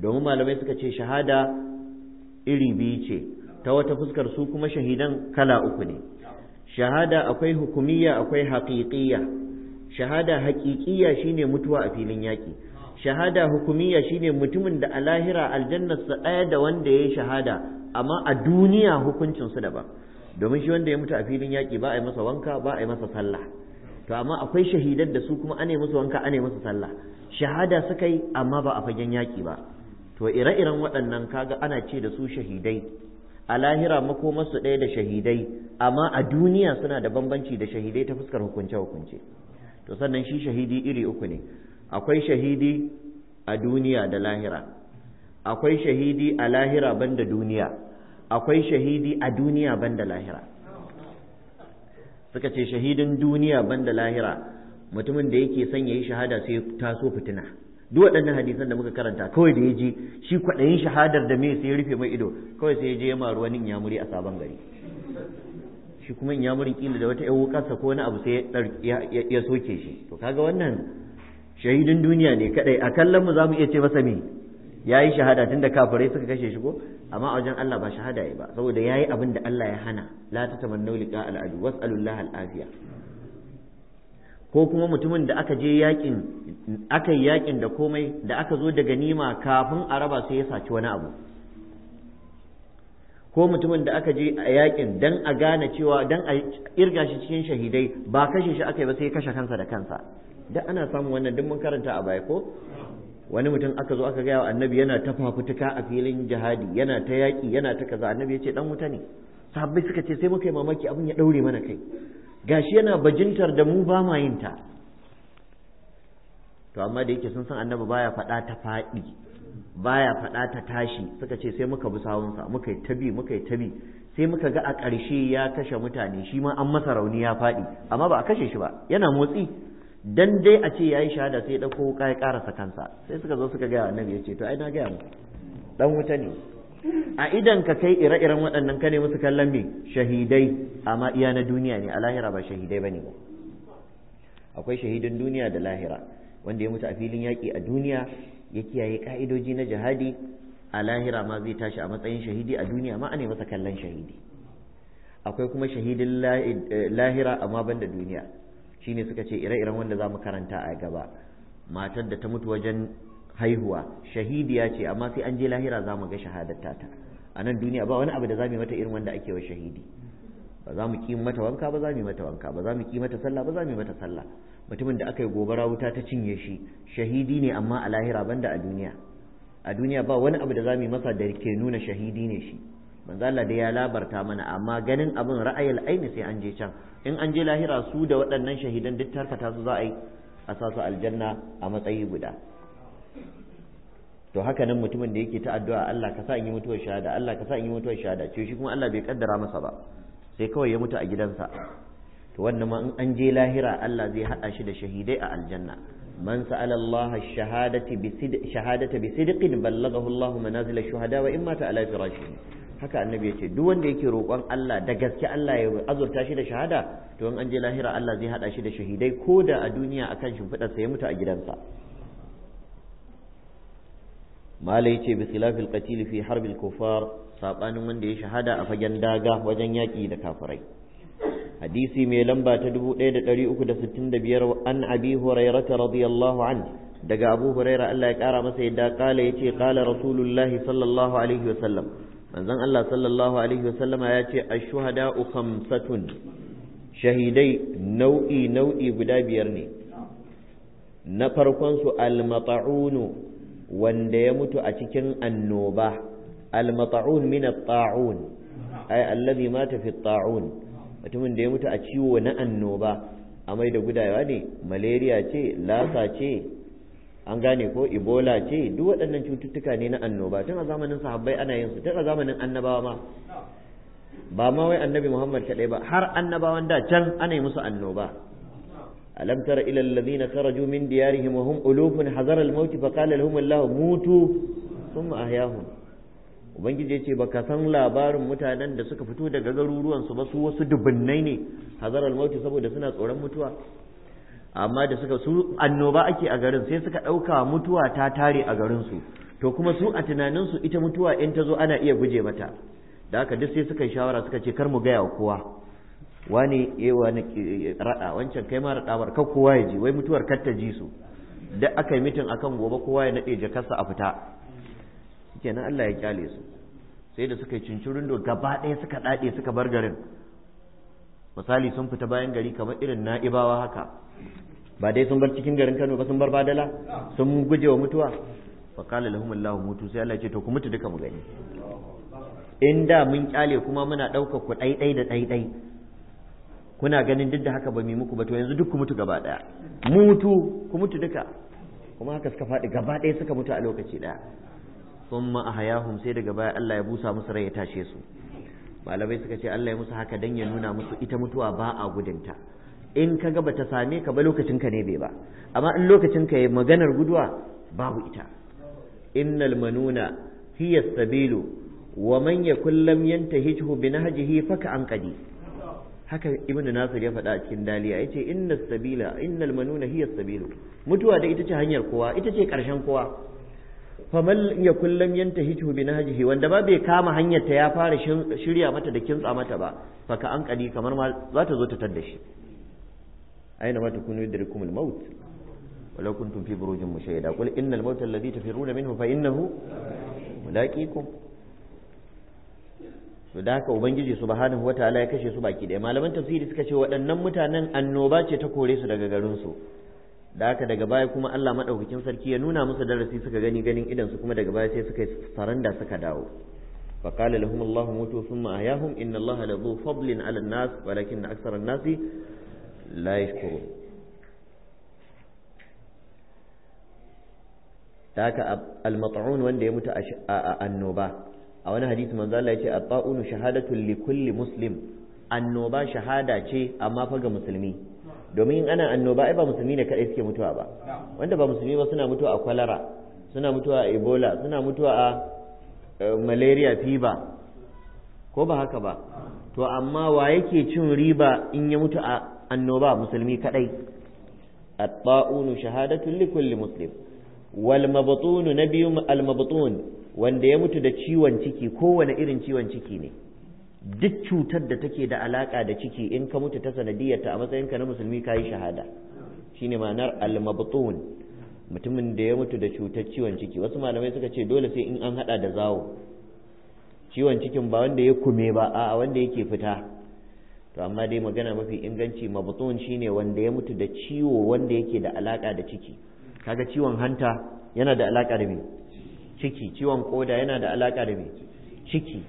domin malamai suka ce shahada iri biyu ce ta wata fuskar su kuma shahidan kala uku ne shahada akwai hukumiyya akwai haƙiƙiyya shahada haƙiƙiyya shine mutuwa a filin yaƙi shahada hukumiyya shine mutumin da a lahira aljannarsa ɗaya da wanda ya yi shahada amma a duniya hukuncinsu daban domin shi wanda ya mutu a filin yaƙi ba a yi masa wanka ba a yi masa sallah to amma akwai shahidan da su kuma yi masa wanka yi masa sallah shahada suka yi amma ba a fagen yaƙi ba to ire-iren waɗannan kaga ana ce da su shahidai a lahira makomarsu ɗaya da shahidai amma a duniya suna da bambanci da shahidai ta fuskar hukunce-hukunce to sannan shi shahidi iri uku ne akwai shahidi a duniya da lahira akwai shahidi a lahira banda duniya akwai shahidi a duniya banda lahira suka ce shahidin duniya banda lahira mutumin da yake son ya yi shahada sai taso fitina duk waɗannan hadisan da muka karanta kawai da ya je shi kwaɗayin shahadar da mai sai ya rufe mai ido kawai sai ya je ya maru wani inyamuri a sabon gari shi kuma inyamurin kila da wata yawo kasa ko wani abu sai ya soke shi to kaga wannan shahidin duniya ne kaɗai a kallon mu zamu iya ce masa me yi shahada tun da kafirai suka kashe shi ko amma a wajen Allah ba shahada ya ba saboda yi abin da Allah ya hana la ta liqa al-adu was'alullaha al ko kuma mutumin da aka je yakin aka yi yakin da komai da aka zo da nima kafin a raba sai ya saci wani abu ko mutumin da aka je a yakin dan a gane cewa dan a irga shi cikin shahidai ba kashe shi aka yi ba sai kashe kansa da kansa duk ana samun wannan duk mun karanta a baya ko wani mutum aka zo aka gaya wa annabi yana ta fafutuka a filin jihadi yana ta yaƙi yana ta kaza annabi ya ce dan wuta ne sahabbai suka ce sai muka yi mamaki abin ya ɗaure mana kai gashi yana bajintar da mu ba ma yin ta to amma da yake sun san annabi baya faɗa ta faɗi baya faɗa ta tashi suka ce sai muka bi sawunsa muka yi tabi muka yi tabi sai muka ga a ƙarshe ya kashe mutane shi ma an masa rauni ya faɗi amma ba a kashe shi ba yana motsi dan dai a ce yayi shahada sai ya dauko wuka ya karasa kansa sai suka zo suka gaya annabi ya ce to ai na gaya muku dan wuta ne a idan ka kai ire-iren waɗannan ka ne musu kallon me shahidai amma iya na duniya ne a lahira ba shahidai ne ba akwai shahidin duniya da lahira wanda ya mutu a filin yaƙi a duniya ya kiyaye ka'idoji na jihadi a lahira ma zai tashi a matsayin shahidi a duniya ma ne masa kallon shahidi akwai kuma shahidin eh, lahira amma ban da duniya shine suka ce ire-iren wanda za mu karanta a gaba matar da ta mutu wajen haihuwa shahidi ya ce amma sai an je lahira za mu ga shahadatta ta a nan duniya ba wani abu da za mu yi mata irin wanda ake wa shahidi ba za mu ki mata wanka ba za mu yi mata wanka ba za mu ki mata sallah ba za mu yi mata sallah mutumin da aka yi gobara wuta ta cinye shi shahidi ne amma a lahira banda a duniya a duniya ba wani abu da za mu yi masa da ke nuna shahidi ne shi manzo Allah da ya labarta mana amma ganin abin ra'ayil aini sai an je can in an je lahira su da waɗannan shahidan duk tarkata su za a yi a sa aljanna a matsayi guda to haka nan mutumin da yake ta addu'a Allah ka sa in yi mutuwar shahada Allah ka sa in yi mutuwar shahada ce shi kuma Allah bai kaddara masa ba sai kawai ya mutu a gidansa to wannan ma in an je lahira Allah zai haɗa shi da shahidai a aljanna man sa'ala Allah shahadati bi shahadata bi sidqin ballagahu Allah manazil ash-shuhada wa imma ta'ala firashi haka annabi yace duk wanda yake roƙon Allah da gaske Allah ya azurta shi da shahada to in an je lahira Allah zai hada shi da shahidai ko da a duniya akan shimfiɗarsa ya mutu a gidansa malai ce bi khilafil qatil fi harbil kufar sabanin wanda ya shahada a fagen daga wajen yaki da kafirai hadisi mai lamba ta 1365 an abi hurairata radiyallahu an daga abu huraira Allah ya kara masa yadda kala yace kala rasulullahi sallallahu alaihi wa sallam manzon Allah sallallahu alaihi wa sallama yace ash-shuhada'u khamsatun shahidai nau'i nau'i guda biyar ne na farkon su al wanda ya mutu a cikin annoba al mina min at-ta'un ay alladhi mata mutumin da ya mutu a ciwo na annoba amai da gudawa ne malaria ce lasa ce an gane ko ebola ce duk waɗannan cututtuka ne na annoba tun a zamanin sahabbai ana yin su tun a zamanin annabawa ma ba ma wai annabi muhammad kaɗai ba har annabawan da can ana yi musu annoba alam tara ila alladhina kharaju min diyarihim wa hum ulufun hazara al-maut fa qala lahum allah mutu thumma ahyahum ubangiji ya ce ba ka san labarin mutanen da suka fito daga garuruwansu ba su wasu dubunnai ne hazarar mauti saboda suna tsoron mutuwa amma da suka su annoba ake a garin sai suka ɗauka mutuwa ta tare a garinsu to kuma su a tunaninsu ita mutuwa in ta zo ana iya guje mata da haka duk sai suka yi shawara suka ce kar mu gaya wa kowa wani ya wani raɗa wancan kai ma rada kar kowa ya ji wai mutuwar kar ta ji su da aka yi mitin akan gobe kowa ya naɗe jakarsa a fita shikenan Allah ya kyale su sai da suka yi cincirin do gaba ɗaya suka daɗe suka bar garin misali sun fita bayan gari kamar irin na'ibawa haka ba dai sun bar cikin garin Kano ba sun bar badala sun guje wa mutuwa fa qala lahum Allah mutu sai Allah ya ce to ku mutu duka mu gani in da mun kyale kuma muna ɗaukar ku ɗaiɗai da ɗaiɗai kuna ganin duk da haka ba mu muku ba to yanzu duk ku mutu gaba ɗaya mutu ku mutu duka kuma haka suka faɗi gaba ɗaya suka mutu a lokaci ɗaya thumma hayahum sai daga baya Allah ya busa musu rai ya tashe su malamai suka ce Allah ya musu haka dan ya nuna musu ita mutuwa ba a gudunta in ka ga bata same ka ba lokacin ka ne bai ba amma in lokacin ka maganar guduwa babu ita innal manuna hiya sabilu wa man yakul lam bi nahjihi faka anqadi haka ibn nasir ya faɗa a cikin daliya yace innas sabila innal manuna hiya sabilu mutuwa da ita ce hanyar kowa ita ce karshen kowa famal ya kullum yanta hitu bi najihi wanda ba bai kama hanyar ta ya fara shirya mata da kintsa mata ba faka an kali kamar ma za ta zo ta tadda shi aina ma takunu yudrikum al-maut walau kuntum fi burujin mushayyada qul innal mauta alladhi tafiruna minhu fa innahu mulaqikum to da haka ubangiji subhanahu wataala ya kashe su baki daya malaman tafsiri suka ce waɗannan mutanen annoba ce ta kore su daga garin su da aka daga baya kuma Allah madaukakin sarki ya nuna musu darasi suka gani ganin idan su kuma daga baya sai suka saranda suka dawo fa qala lahum Allahu mutu thumma ayahum inna Allaha la du fadlin ala an-nas walakin akthara an-nas la yashkuru daga al-mat'un wanda ya mutu a annoba a wani hadisi manzo Allah yace at-ta'unu shahadatu likulli muslim annoba shahada ce amma fa ga muslimi domin in ana annoba ai ba musulmi ne kadai suke mutuwa ba wanda ba musulmi ba suna mutuwa a kwalara suna mutuwa a ebola suna mutuwa a eh, malaria fever ko ba haka ba to amma wa yake cin riba in ya mutu a annoba musulmi kadai at-ta'unu shahadatun li kulli muslim wal mabtun nabiyyu al mabtun wanda ya mutu da ciwon ciki kowane irin ciwon ciki ne duk cutar da take da alaka da ciki in ka mutu ta sanadiyarta a matsayinka na musulmi ka yi shahada shine ma'anar al-mabtun mutumin da ya mutu da cutar ciwon ciki wasu malamai suka ce dole sai in an hada da zawo ciwon cikin ba wanda ya kume ba a wanda yake fita to amma dai magana mafi inganci mabtun shine wanda ya mutu da ciwo wanda yake da alaka da ciki kaga ciwon hanta yana da alaka da me ciki ciwon koda yana da alaka da me ciki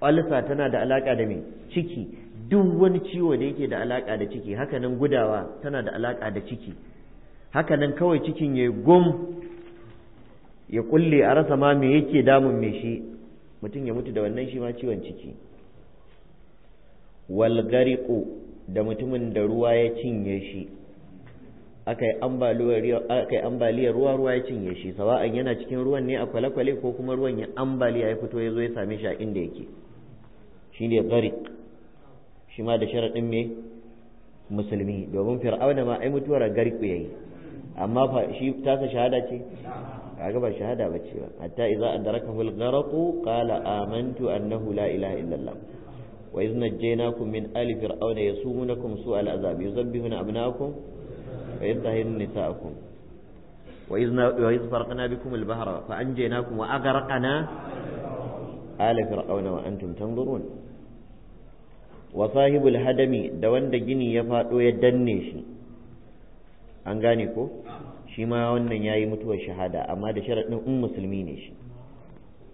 ulcer tana da alaka da me ciki duk wani ciwo da yake da alaka da ciki hakanan gudawa tana da alaka da ciki hakanan kawai cikin ya gum ya kulle a rasa ma me yake damun me shi mutum ya mutu da wannan shi ma ciwon ciki Walgari ko da mutumin da ruwa ya cinye shi aka yi ambaliyar ruwa ruwa ya cinye shi sawa'an yana cikin ruwan ne a kwale-kwale ko kuma ruwan ya ambaliya ya fito ya zo ya same shi a inda yake ne gharik shi ma da sharaɗin me musulmi domin fir'auna ma ai mutuwar gharik yayi amma fa shi tasa shahada ce kaga ba shahada ba ce ba hatta idza adrakahu al-gharq qala amantu annahu la ilaha illallah wa idh najaynakum min ali fir'auna yasumunakum su'al azab yuzabbihuna abnaakum wa yadhhiruna nisaakum wa idh wa idh farqna bikum al-bahra fa anjaynakum wa aghraqna ala fir'auna wa antum tanzurun wa sahibul hadami da wanda gini ya faɗo ya danne shi an gane ko shi ma wannan ya yi mutuwar shahada amma da sharaɗin in musulmi ne shi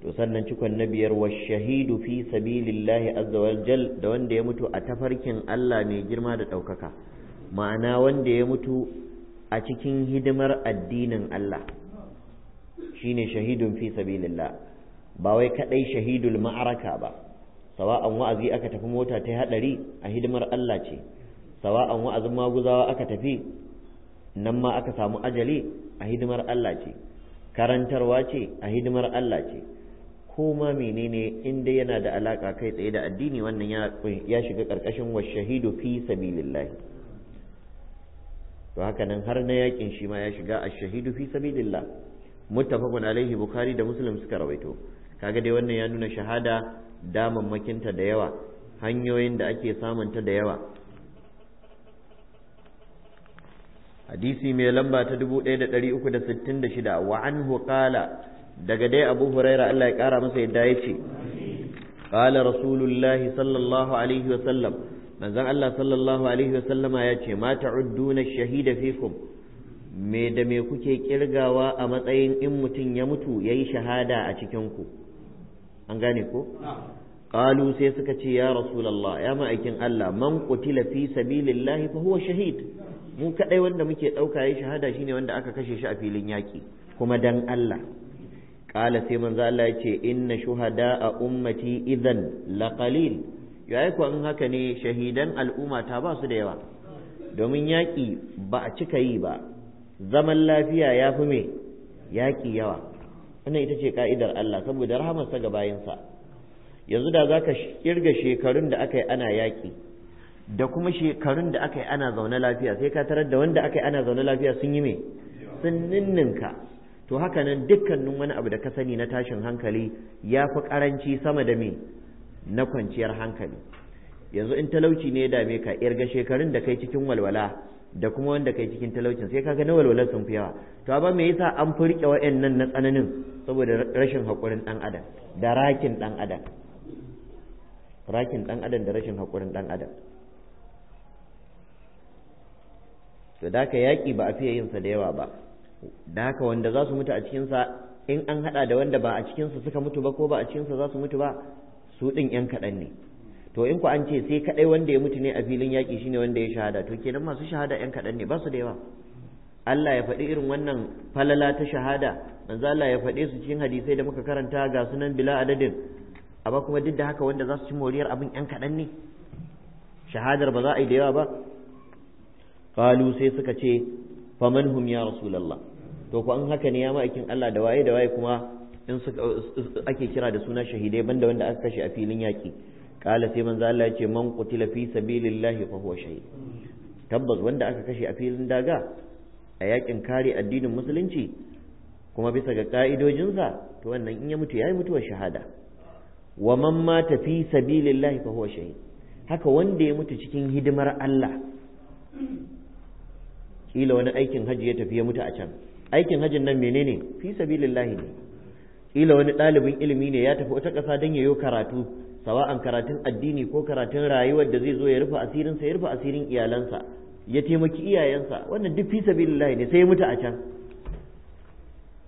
to sannan cikon na biyar wa shahidu fi sabilillahi azza wa jal da wanda ya mutu a tafarkin Allah mai girma da ɗaukaka ma'ana wanda ya mutu a cikin hidimar addinin Allah shine shahidun fi sabilillah ba wai kadai shahidul ma'araka ba sawa'an wa'azi aka tafi mota ta hadari a hidimar Allah ce sawa'an wa'azin maguzawa aka tafi nan ma aka samu ajali a hidimar Allah ce karantarwa ce a hidimar Allah ce ko ma menene in dai yana da alaka kai tsaye da addini wannan ya shiga karkashin washahidu fi sabilillah to haka nan har na yakin shi ma ya shiga ashahidu fi sabilillah muttafaqun alaihi bukhari da muslim suka rawaito kaga dai wannan ya nuna shahada damammakinta da yawa hanyoyin da ake samunta da yawa hadisi mai lamba ta 1366 wa anhu qala daga dai abu huraira Allah ya kara masa yadda ya ce qala rasulullahi sallallahu alaihi wa sallam manzon Allah sallallahu alaihi wa sallama ya ce ma ta'udduna shahida fikum me da me kuke kirgawa a matsayin in mutum ya mutu yayi shahada a cikin ku an gane ko qalu sai suka ce ya rasulullah ya ma'aikin Allah man qutila fi sabilillahi fa huwa shahid mu kadai wanda muke dauka yayin shahada shine wanda aka kashe shi a filin yaki kuma dan Allah qala sai manzo Allah ya ce inna a ummati idan la ya yayi ko in haka ne shahidan al'umma ta ba su da yawa domin yaki ba a cika yi ba zaman lafiya ya fi me yaki yawa wannan ita ce ka'idar Allah saboda rahamarsa ga bayansa yanzu da za ka kirga shekarun da aka yi ana yaƙi da kuma shekarun da aka yi ana zaune lafiya sai ka tarar da wanda aka yi ana zaune lafiya sun yi me sun ninninka to haka nan dukkanin wani abu da ka sani na tashin hankali ya fi ƙaranci sama da me na kwanciyar hankali yanzu in talauci ne ya dame ka irga shekarun da kai cikin walwala da kuma wanda kai cikin talaucin sai kaga na walwalar sun fi yawa to amma me yasa an furke wa'annan na tsananin saboda rashin hakurin dan adam da rakin dan adam rakin dan adam da rashin hakurin dan adam to da ka yaƙi ba a fiye yin sa da yawa ba da haka wanda za su mutu a cikin sa in an hada da wanda ba a cikin sa suka mutu ba ko ba a cikin sa za su mutu ba su din yan kaɗan ne to in ku an ce sai kadai wanda ya mutu ne a filin yaki shine wanda ya shahada to kenan masu shahada yan kadan ne ba su da yawa Allah ya faɗi irin wannan falala ta shahada manzo Allah ya faɗe su cikin hadisai da muka karanta ga sunan bila adadin amma kuma duk da haka wanda za su ci moriyar abin yan kaɗan ne shahadar ba za a yi da yawa ba qalu sai suka ce faman hum ya rasulullah to ko an haka ne ya ma'aikin Allah da waye da waye kuma in ake kira da suna shahidai banda wanda aka kashe a filin yaƙi kala sai manzo Allah ya ce man qutila fi fa huwa shahid tabbas wanda aka kashe a filin daga a yakin kare addinin musulunci kuma bisa ga ka'idojinsa to wannan in ya mutu yayi mutuwar shahada wa man mata fi sabilillahi fa huwa shahid haka wanda ya mutu cikin hidimar Allah kila wani aikin haji ya tafi ya mutu a can aikin hajin nan menene fi sabilillahi ne kila wani ɗalibin ilimi ne ya tafi wata ƙasa don yayo karatu sawa'an karatun addini ko karatun rayuwar da zai zo ya rufe asirinsa ya rufe asirin iyalansa ya taimaki iyayensa wannan duk fi sabilillah ne sai ya mutu a can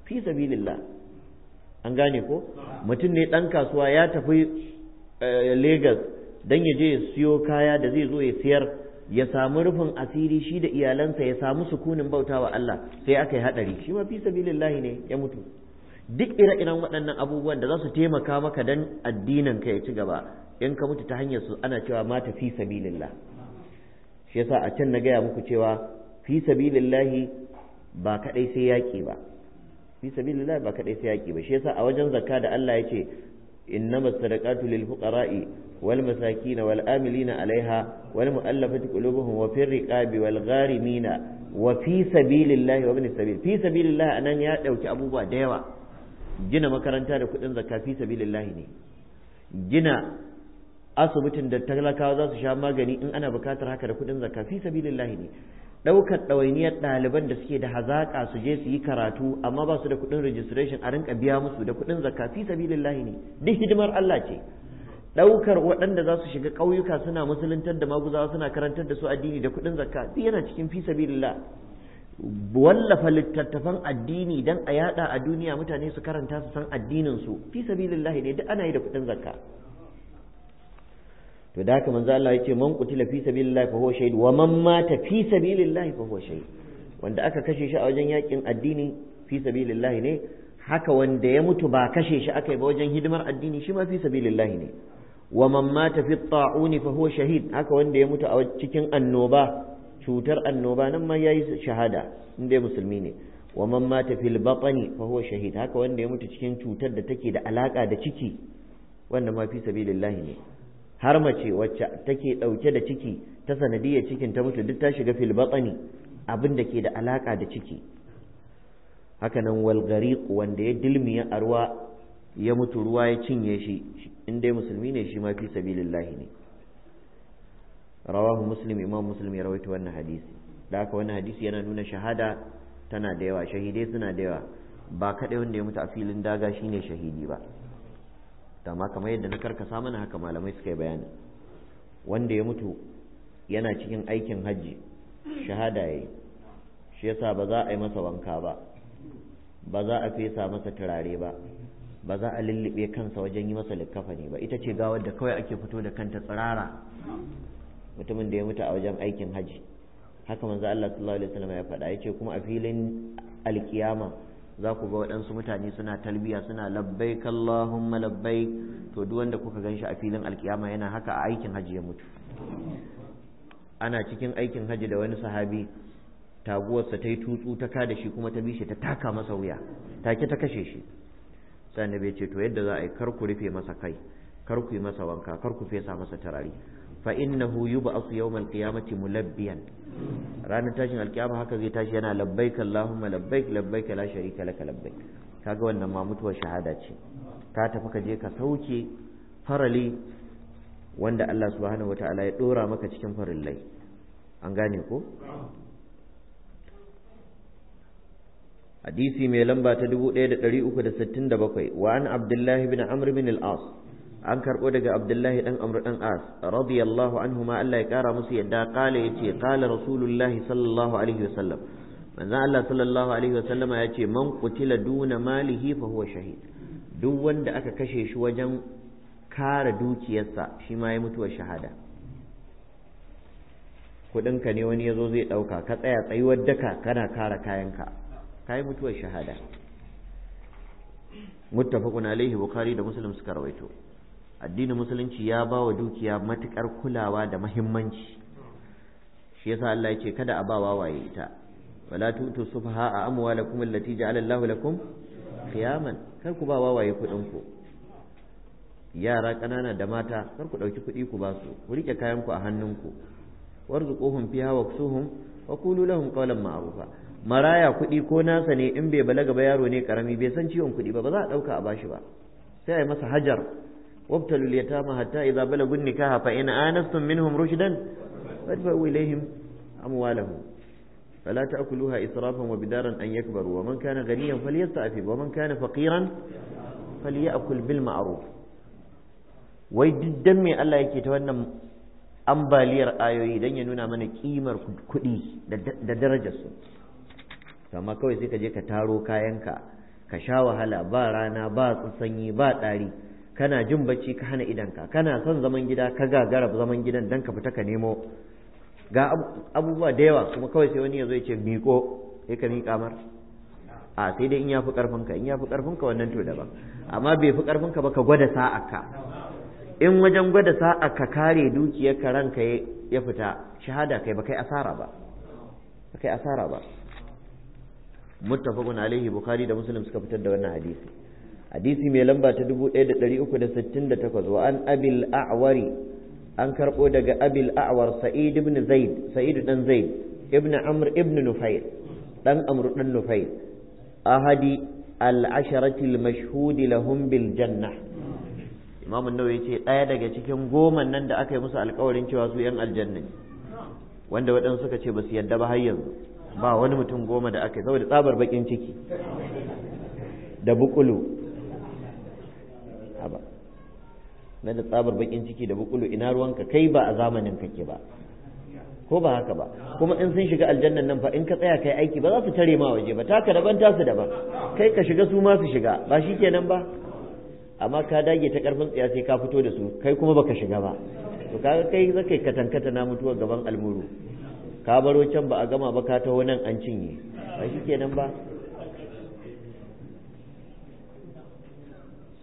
fi sabilillah an gane ko mutum ne dan kasuwa ya tafi eh, Lagos dan ya je ya siyo kaya da zai zo ya siyar ya samu rufin asiri shi da iyalansa ya samu sukunin bautawa Allah sai aka yi hadari shi ma fi sabilillah ne ya mutu duk ire-iren waɗannan abubuwan da za su taimaka maka don addinin ka ya ci gaba in ka mutu ta hanyar su ana cewa mata fi sabilillah shi yasa a can na gaya muku cewa fi sabilillahi ba kadai sai yaƙi ba fi sabilillahi ba kadai sai yaƙi ba shi yasa a wajen zakka da Allah ya ce lil إنما alaiha wal mu'allafati qulubuhum wa fir riqabi wal الرقاب wa fi سبيل wa ibn sabil fi سبيل anan ya dauki abubuwa da yawa. gina makaranta da kuɗin zakka fi sabilillahi ne gina asibitin da talakawa za su sha magani in ana bukatar haka da kuɗin zakka fi sabilillahi ne ɗaukar ɗawainiyar ɗaliban da suke da hazaƙa su je su yi karatu amma ba su da kuɗin registration a rinka biya musu da kuɗin zakka fi sabilillahi ne duk hidimar Allah ce ɗaukar waɗanda za su shiga ƙauyuka suna musuluntar da maguzawa suna karantar da su addini da kuɗin zakka yana cikin fi sabilillah wallafa littattafan addini dan a yada a duniya mutane su karanta su san addinin su fi sabilillahi ne duk ana yi da kudin zakka to da haka manzo Allah yace man qutila fi sabilillahi fa huwa shahid wa man mata fi sabilillahi fa huwa shahid wanda aka kashe shi a wajen yakin addini fi sabilillahi ne haka wanda ya mutu ba kashe shi aka yi ba wajen hidimar addini shi ma fi sabilillahi ne wa man mata fi at-ta'un fa huwa shahid haka wanda ya mutu a cikin annoba cutar annoba nan ma yayi shahada in dai musulmi ne wa man mata fil batni fa huwa shahid haka wanda ya mutu cikin cutar da take da alaka da ciki wanda ma fi sabilillahi ne har mace wacce take dauke da ciki ta sanadiyar cikin ta mutu duk ta shiga fil batni abin da ke da alaka da ciki haka nan wal gariq wanda ya dilmiya a ruwa ya mutu ruwa ya cinye shi in dai musulmi ne shi ma fi sabilillahi ne rawahu muslim imam muslim ya rawaito wannan hadisi da haka wannan hadisi yana nuna shahada tana da yawa shahidai suna da yawa ba kaɗai wanda ya mutu a filin daga shine shahidi ba amma kamar yadda na karkasa mana haka malamai suka yi bayani wanda ya mutu yana cikin aikin hajji shahada ya yi shi yasa ba za a yi masa wanka ba ba za a fesa masa turare ba ba za a lullube kansa wajen yi masa likkafani ba ita ce gawar da kawai ake fito da kanta tsirara mutumin da ya mutu a wajen aikin haji haka manzo Allah sallallahu alaihi wasallam ya faɗa yace kuma a filin alkiyama za ku ga waɗansu mutane suna talbiya suna labbaik Allahumma labbaik to duk wanda kuka ganshi a filin alkiyama yana haka a aikin haji ya mutu ana cikin aikin haji da wani sahabi taguwarsa ta yi tutsu ta ka da shi kuma ta bi ta taka masa wuya take ta kashe shi sai annabi ya ce to yadda za a yi kar ku rufe masa kai kar ku yi masa wanka kar ku fesa masa tarari fa innahu yub'athu yawmal qiyamati mulabbiyan ranar tashin alkiyama haka zai tashi yana labbaik allahumma labbaik labbaik la sharika laka kaga wannan ma mutuwar shahada ce ka tafi ka je ka sauke farali wanda Allah subhanahu wataala ya dora maka cikin farillai an gane ko hadisi mai lamba ta 1367 wa an abdullahi bin amr bin al-as an karɓo daga abdullahi ɗan amr ɗan as radiyallahu anhu ma Allah ya ƙara musu yadda ƙala ya ce ƙala rasulullahi sallallahu alaihi sallam, manzan Allah sallallahu alaihi wasallam ya ce man kutila duna malihi fa huwa shahid duk wanda aka kashe shi wajen kare dukiyarsa shi ma ya wa shahada kuɗinka ne wani ya zo zai ɗauka ka tsaya tsayuwar daka kana kare kayanka ka yi mutuwar shahada muttafaqun alaihi bukhari da muslim suka rawaito addinin musulunci ya ba wa dukiya matuƙar kulawa da mahimmanci shi yasa Allah ya kada a ba wawaye ita wala tutu a amwalakum allati ja'ala Allah lakum qiyaman kar ku ba wawaye kuɗin ku yara kanana da mata kar ku dauki kuɗi ku ba su ku rike kayan ku a hannun ku warzuquhum fiha waksuhum wa qulu lahum qawlan ma'rufa maraya kuɗi ko nasa ne in bai balaga ba yaro ne karami bai san ciwon kuɗi ba ba za a ɗauka a bashi ba sai a yi masa hajar وابتلوا اليتامى حتى إذا بلغوا النكاح فإن آنستم منهم رشدا فادفعوا إليهم أموالهم فلا تأكلوها إسرافا وبدارا أن يكبروا ومن كان غنيا فليستعفف ومن كان فقيرا فليأكل بالمعروف ويدد duk الله me Allah yake ta wannan ambaliyar ayoyi dan ya nuna mana kimar kuɗi da darajarsu amma kawai sai ka je ka taro kayanka kana jin bacci ka hana idanka kana son zaman gida ka gagara zaman gidan dan ka fita ka nemo ga abubuwa da yawa kuma kawai sai wani ya zo ya ce miƙo sai ka miƙa mar a sai dai in ya fi ƙarfinka in ya fi ƙarfinka wannan to daban amma bai fi ƙarfinka ba ka gwada sa'aka in wajen gwada sa'aka kare ka ranka ya fita shahada kai ba kai asara ba ba kai asara ba muttafaqun alaihi bukhari da muslim suka fitar da wannan hadisi hadisi mai lamba ta 1368 wa an abil a'wari an karbo daga abil a'war sa'id ibn zaid sa'id dan zaid ibn amr ibn nufail dan amr dan nufail ahadi al-asharati al-mashhud lahum bil jannah imam an-nawawi yace daya daga cikin goma nan da aka yi musu alƙawarin cewa su yan aljanna wanda waɗansu suka ce ba su yadda ba har yanzu ba wani mutum goma da aka yi saboda tsabar bakin ciki da bukulu na da tsabar bakin ciki da bukulu ina ruwan ka kai ba a zamanin kake ba ko ba haka ba kuma in sun shiga aljannan nan fa in ka tsaya kai aiki ba za su tare ma waje ba taka daban tasu daban kai ka shiga su ma su shiga ba shi kenan ba amma ka dage ta karfin tsiya sai ka fito da su kai kuma baka shiga ba to kaga kai zakai katankata na mutuwa gaban almuru ka baro can ba a gama ba ka taho nan an cinye ba shi kenan ba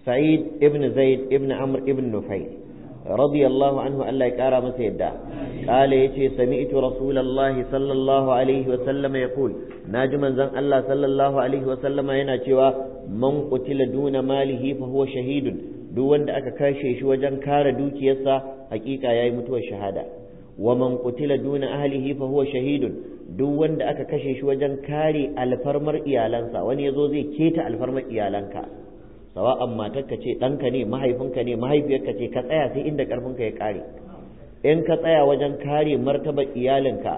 sa'id ibn zaid ibn amr ibn nufayl radiyallahu anhu Allah ya kara masa yadda kale yace sami'tu rasulullahi sallallahu alaihi wa sallama yaqul naji manzon Allah sallallahu alaihi wa sallama yana cewa man qutila duna malihi fa shahidun duk wanda aka kashe shi wajen kare dukiyarsa hakika yi mutuwar shahada wa man qutila duna ahlihi fa shahidun duk wanda aka kashe shi wajen kare alfarmar iyalansa wani ya zo zai keta alfarmar iyalanka sawa'an matarka ce ɗanka ne mahaifinka ne mahaifiyarka ce ka tsaya sai inda ƙarfinka ya ƙare in ka tsaya wajen kare martaba iyalinka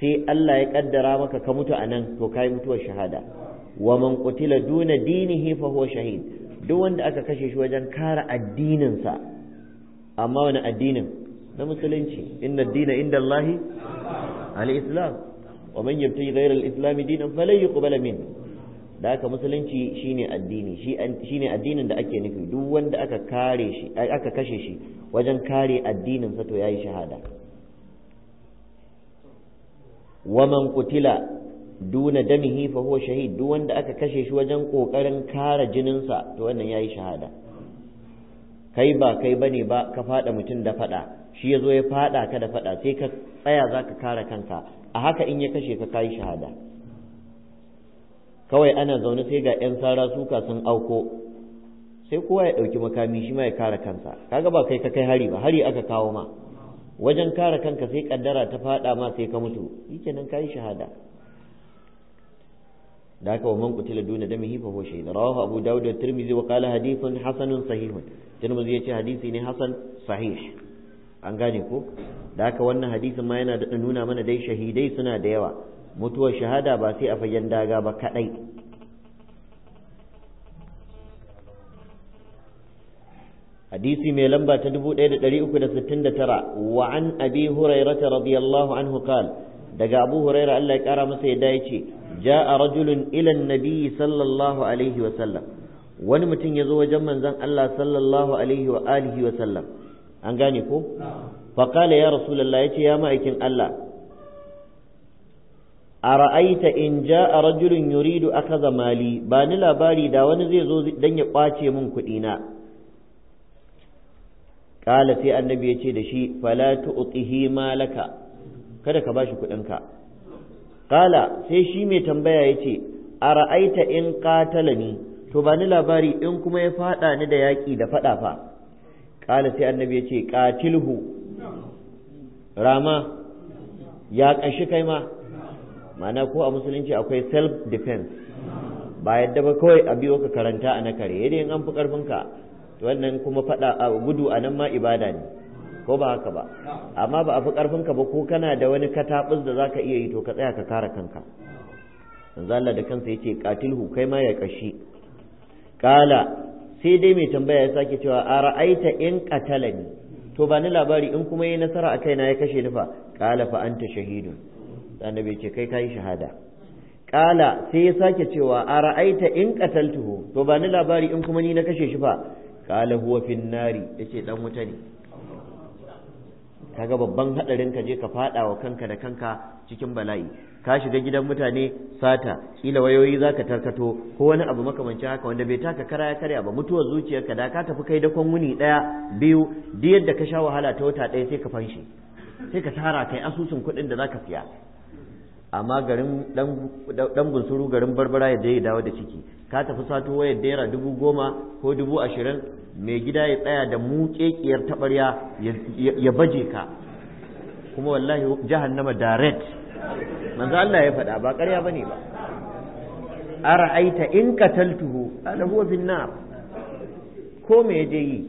sai Allah ya kaddara maka ka mutu a nan to kai mutuwar shahada wa man qutila duna dinihi fa huwa shahid duk wanda aka kashe shi wajen kare addininsa amma wani addinin na musulunci inna dina inda Allahi al-islam wa man yabtaghi ghayra al-islam dinan falan yuqbala minhu da haka musulunci shine addini shine addinin da ake nufi duk wanda aka kare shi aka kashe shi wajen kare addinin sa to yayi shahada wa man qutila duna damihi fa huwa shahid duk wanda aka kashe shi wajen kokarin kare jinin sa to wannan yayi shahada kai ba kai bane ba ka fada mutum da fada shi yazo ya fada ka da fada sai ka tsaya zaka kare kanka a haka in ya kashe ka kai shahada kawai ana zaune sai ga 'yan sara suka sun auko sai kowa ya ɗauki makami shi ma ya kare kansa kaga ba kai ka kai hari ba hari aka kawo ma wajen kare kanka sai kaddara ta faɗa ma sai ka mutu shikenan kai shahada da haka wa man qutila duna mihi fa huwa shahid rawahu abu daud da tirmidhi wa qala hadithun hasanun sahihun tirmidhi yace hadisi ne hasan sahih an gane ko da haka wannan hadisin ma yana da nuna mana dai shahidai suna da yawa mutuwar shahada ba sai a fagen daga ba kadai hadisi mai lamba ta 1369 wa an abi hurairata radiyallahu anhu qal daga abu huraira Allah ya kara masa yadda yace ja'a rajulun ila an-nabi sallallahu alaihi wa sallam wani mutum ya zo wajen manzon Allah sallallahu alaihi wa alihi wa sallam an gane ko fa qala ya rasulullahi yace ya ma'aikin Allah a ra'aita in ja a rajulun yuridu aka zamali ba ni labari da wani zai zo don ya kwace min kuɗina ƙala sai annabi ya ce da shi fala tu'tihi malaka kada ka bashi kuɗinka Kala sai shi mai tambaya ya ce a ra'aita in ni, to ba ni labari in kuma ya faɗa ni da yaƙi da faɗa fa ƙala sai annabi ya ce ƙatilhu rama ya ƙashi kai ma ma'ana ko a musulunci akwai self defense ba yadda ba kawai a biyo ka karanta a na kare yadda yin an fi karfinka wannan kuma fada a gudu a nan ma ibada ne ko ba haka ba amma ba a fi karfin ba ko kana da wani katabus da zaka iya yi to ka tsaya ka kare kanka manzo Allah da kansa yace qatilhu kai ma ya kashi kala sai dai mai tambaya ya sake cewa a ra'aita in qatalani to ba ni labari in kuma yayi nasara a kaina ya kashe ni fa kala fa anta shahidun annabi ce kai kayi shahada kala sai ya sake cewa a ra'aita in qataltuhu to ba ni labari in kuma ni na kashe shi fa kala huwa fin nari yace dan wuta ne kaga babban hadarin ka je ka fada wa kanka da kanka cikin bala'i ka shiga gidan mutane sata kila wayoyi zaka tarkato ko wani abu makamancin haka wanda bai taka kara ya karya ba mutuwar zuciyarka da ka tafi kai da kon wuni daya biyu duk yadda ka sha wahala ta wata daya sai ka fanshi sai ka tara kai asusun kuɗin da zaka siya amma garin dan bunsuru garin barbara ya je ya dawo da ciki ka tafi sato wayar naira dubu goma ko dubu ashirin mai gida ya tsaya da mu kekiyar tabarya ya baje ka kuma wallahi jahannama direct manzo Allah ya faɗa ba ƙarya bane ba ara'aita in qataltuhu a huwa bin nar ko me yaje yi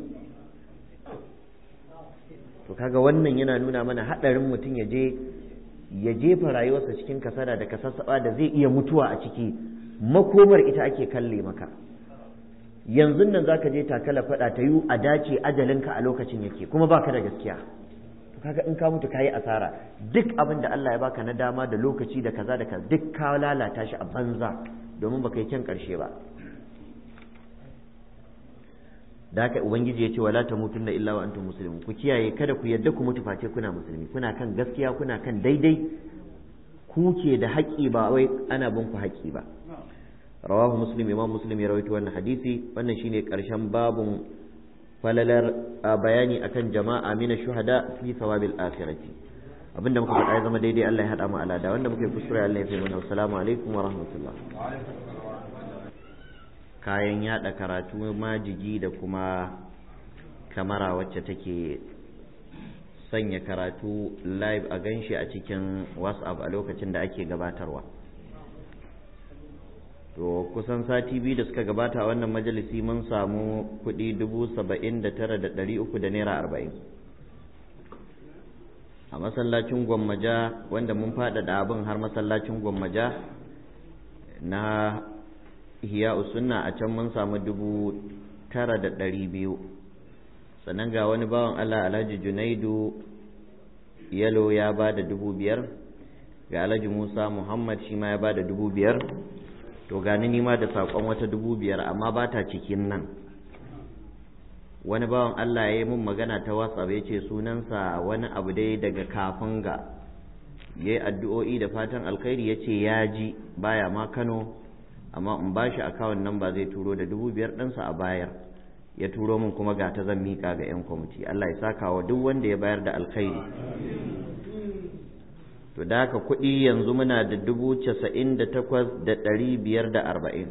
to kaga wannan yana nuna mana hadarin mutum ya je ya jefa rayuwarsa cikin kasada da kasasaba da zai iya mutuwa a ciki makomar ita ake kalle maka yanzu nan zaka je takala fada ta yi a dace ajalinka a lokacin yake kuma baka da gaskiya kaga in ka mutu kayi asara duk abin da Allah ya baka na dama da lokaci da kaza da kaza duk ka lalata shi a banza domin baka yi kyan karshe ba da haka ubangiji ya ce wala ta na illa wa antum muslimu ku kiyaye kada ku yadda ku mutu face kuna musulmi kuna kan gaskiya kuna kan daidai ku ke da haƙƙi ba wai ana bin ku haƙƙi ba rawahu muslim imam muslim ya rawaito wannan hadisi wannan shine karshen babun falalar bayani akan jama'a mina shuhada fi thawabil akhirati abinda muka faɗa ya zama daidai Allah ya hada mu alada wanda muke kuskure Allah ya fi mana assalamu alaikum wa rahmatullah kayan yada karatu majigi da kuma kamara wacce take sanya karatu live a ganshi a cikin whatsapp a lokacin da ake gabatarwa to kusan sati biyu da suka gabata a wannan majalisi mun samu kudi dubu saba'in da tara da dari uku da naira arba'in a masallacin gwammaja wanda mun faɗaɗa abin har masallacin gwammaja na ihya sunna a can mun samu dubu tara da ɗari biyu sannan ga wani bawan allah alhaji junaidu yalo ya ba da dubu biyar ga alhaji musa muhammad shi ma ya ba da dubu biyar to gani ma da saƙon wata dubu biyar amma ba ta cikin nan wani bawan allah ya yi mun magana ta whatsapp ya ce sunansa wani abu dai daga kafin ga ya yi addu'o'i da fatan alkhairi ya ce ya ji baya ma kano amma in ba shi akawun nan ba zai turo da dubu biyar ɗansa a bayar ya turo min kuma ga ta zan miƙa ga 'yan kwamiti Allah ya saka wa duk wanda ya bayar da alkhairi to da haka kuɗi yanzu muna da dubu casa'in da takwas da ɗari biyar da arba'in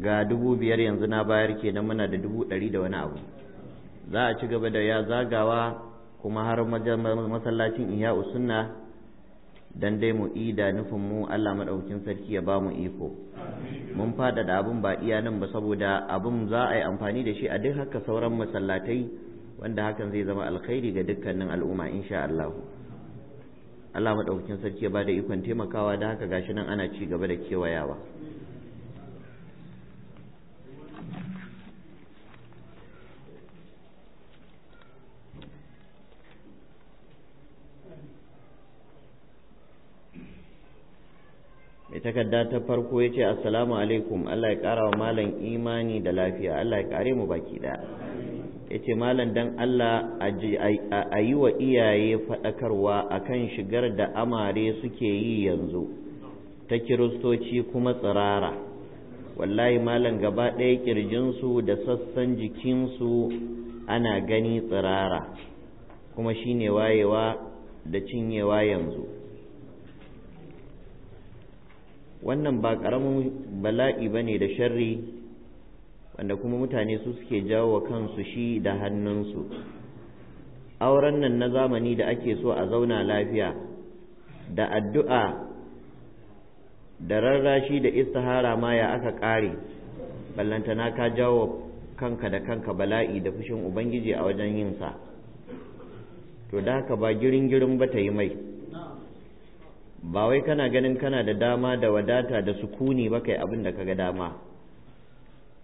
ga dubu biyar yanzu na bayar kenan muna da dubu ɗari da wani abu za a ci gaba da ya zagawa kuma har masallacin iya sunna dan dai mu ida nufin mu Allah madaukakin sarki ya ba mu iko mun da abun ba iya nan ba saboda abun za a yi amfani da shi a duk haka sauran masallatai wanda hakan zai zama alkhairi ga dukkanin al'umma insha Allah Allah madaukakin sarki ya ba da ikon taimakawa da haka gashi nan ana ci gaba da kewayawa mai takarda ta farko ya ce assalamu alaikum Allah ya kara wa malam imani da lafiya Allah ya kare mu baki da ya ce malam don Allah a yi wa iyaye faɗakarwa a kan shigar da amare suke yi yanzu ta kiristoci kuma tsirara wallahi malam gaba ɗaya ƙirjinsu da sassan jikinsu ana gani tsirara kuma shine wayewa da cinyewa yanzu wannan ba ƙaramin bala'i ba ne da sharri wanda kuma mutane su suke jawo wa kansu shi da hannunsu auren nan na zamani da ake so a zauna lafiya da addu'a da rarrashi da istihara ma ya aka ƙare ballantana ka jawo kanka da kanka bala'i da fushin ubangiji a wajen yinsa to da haka ba girin girin ba ta yi mai ba wai kana ganin kana da dama da wadata da sukuni ba kai abin da ka ga dama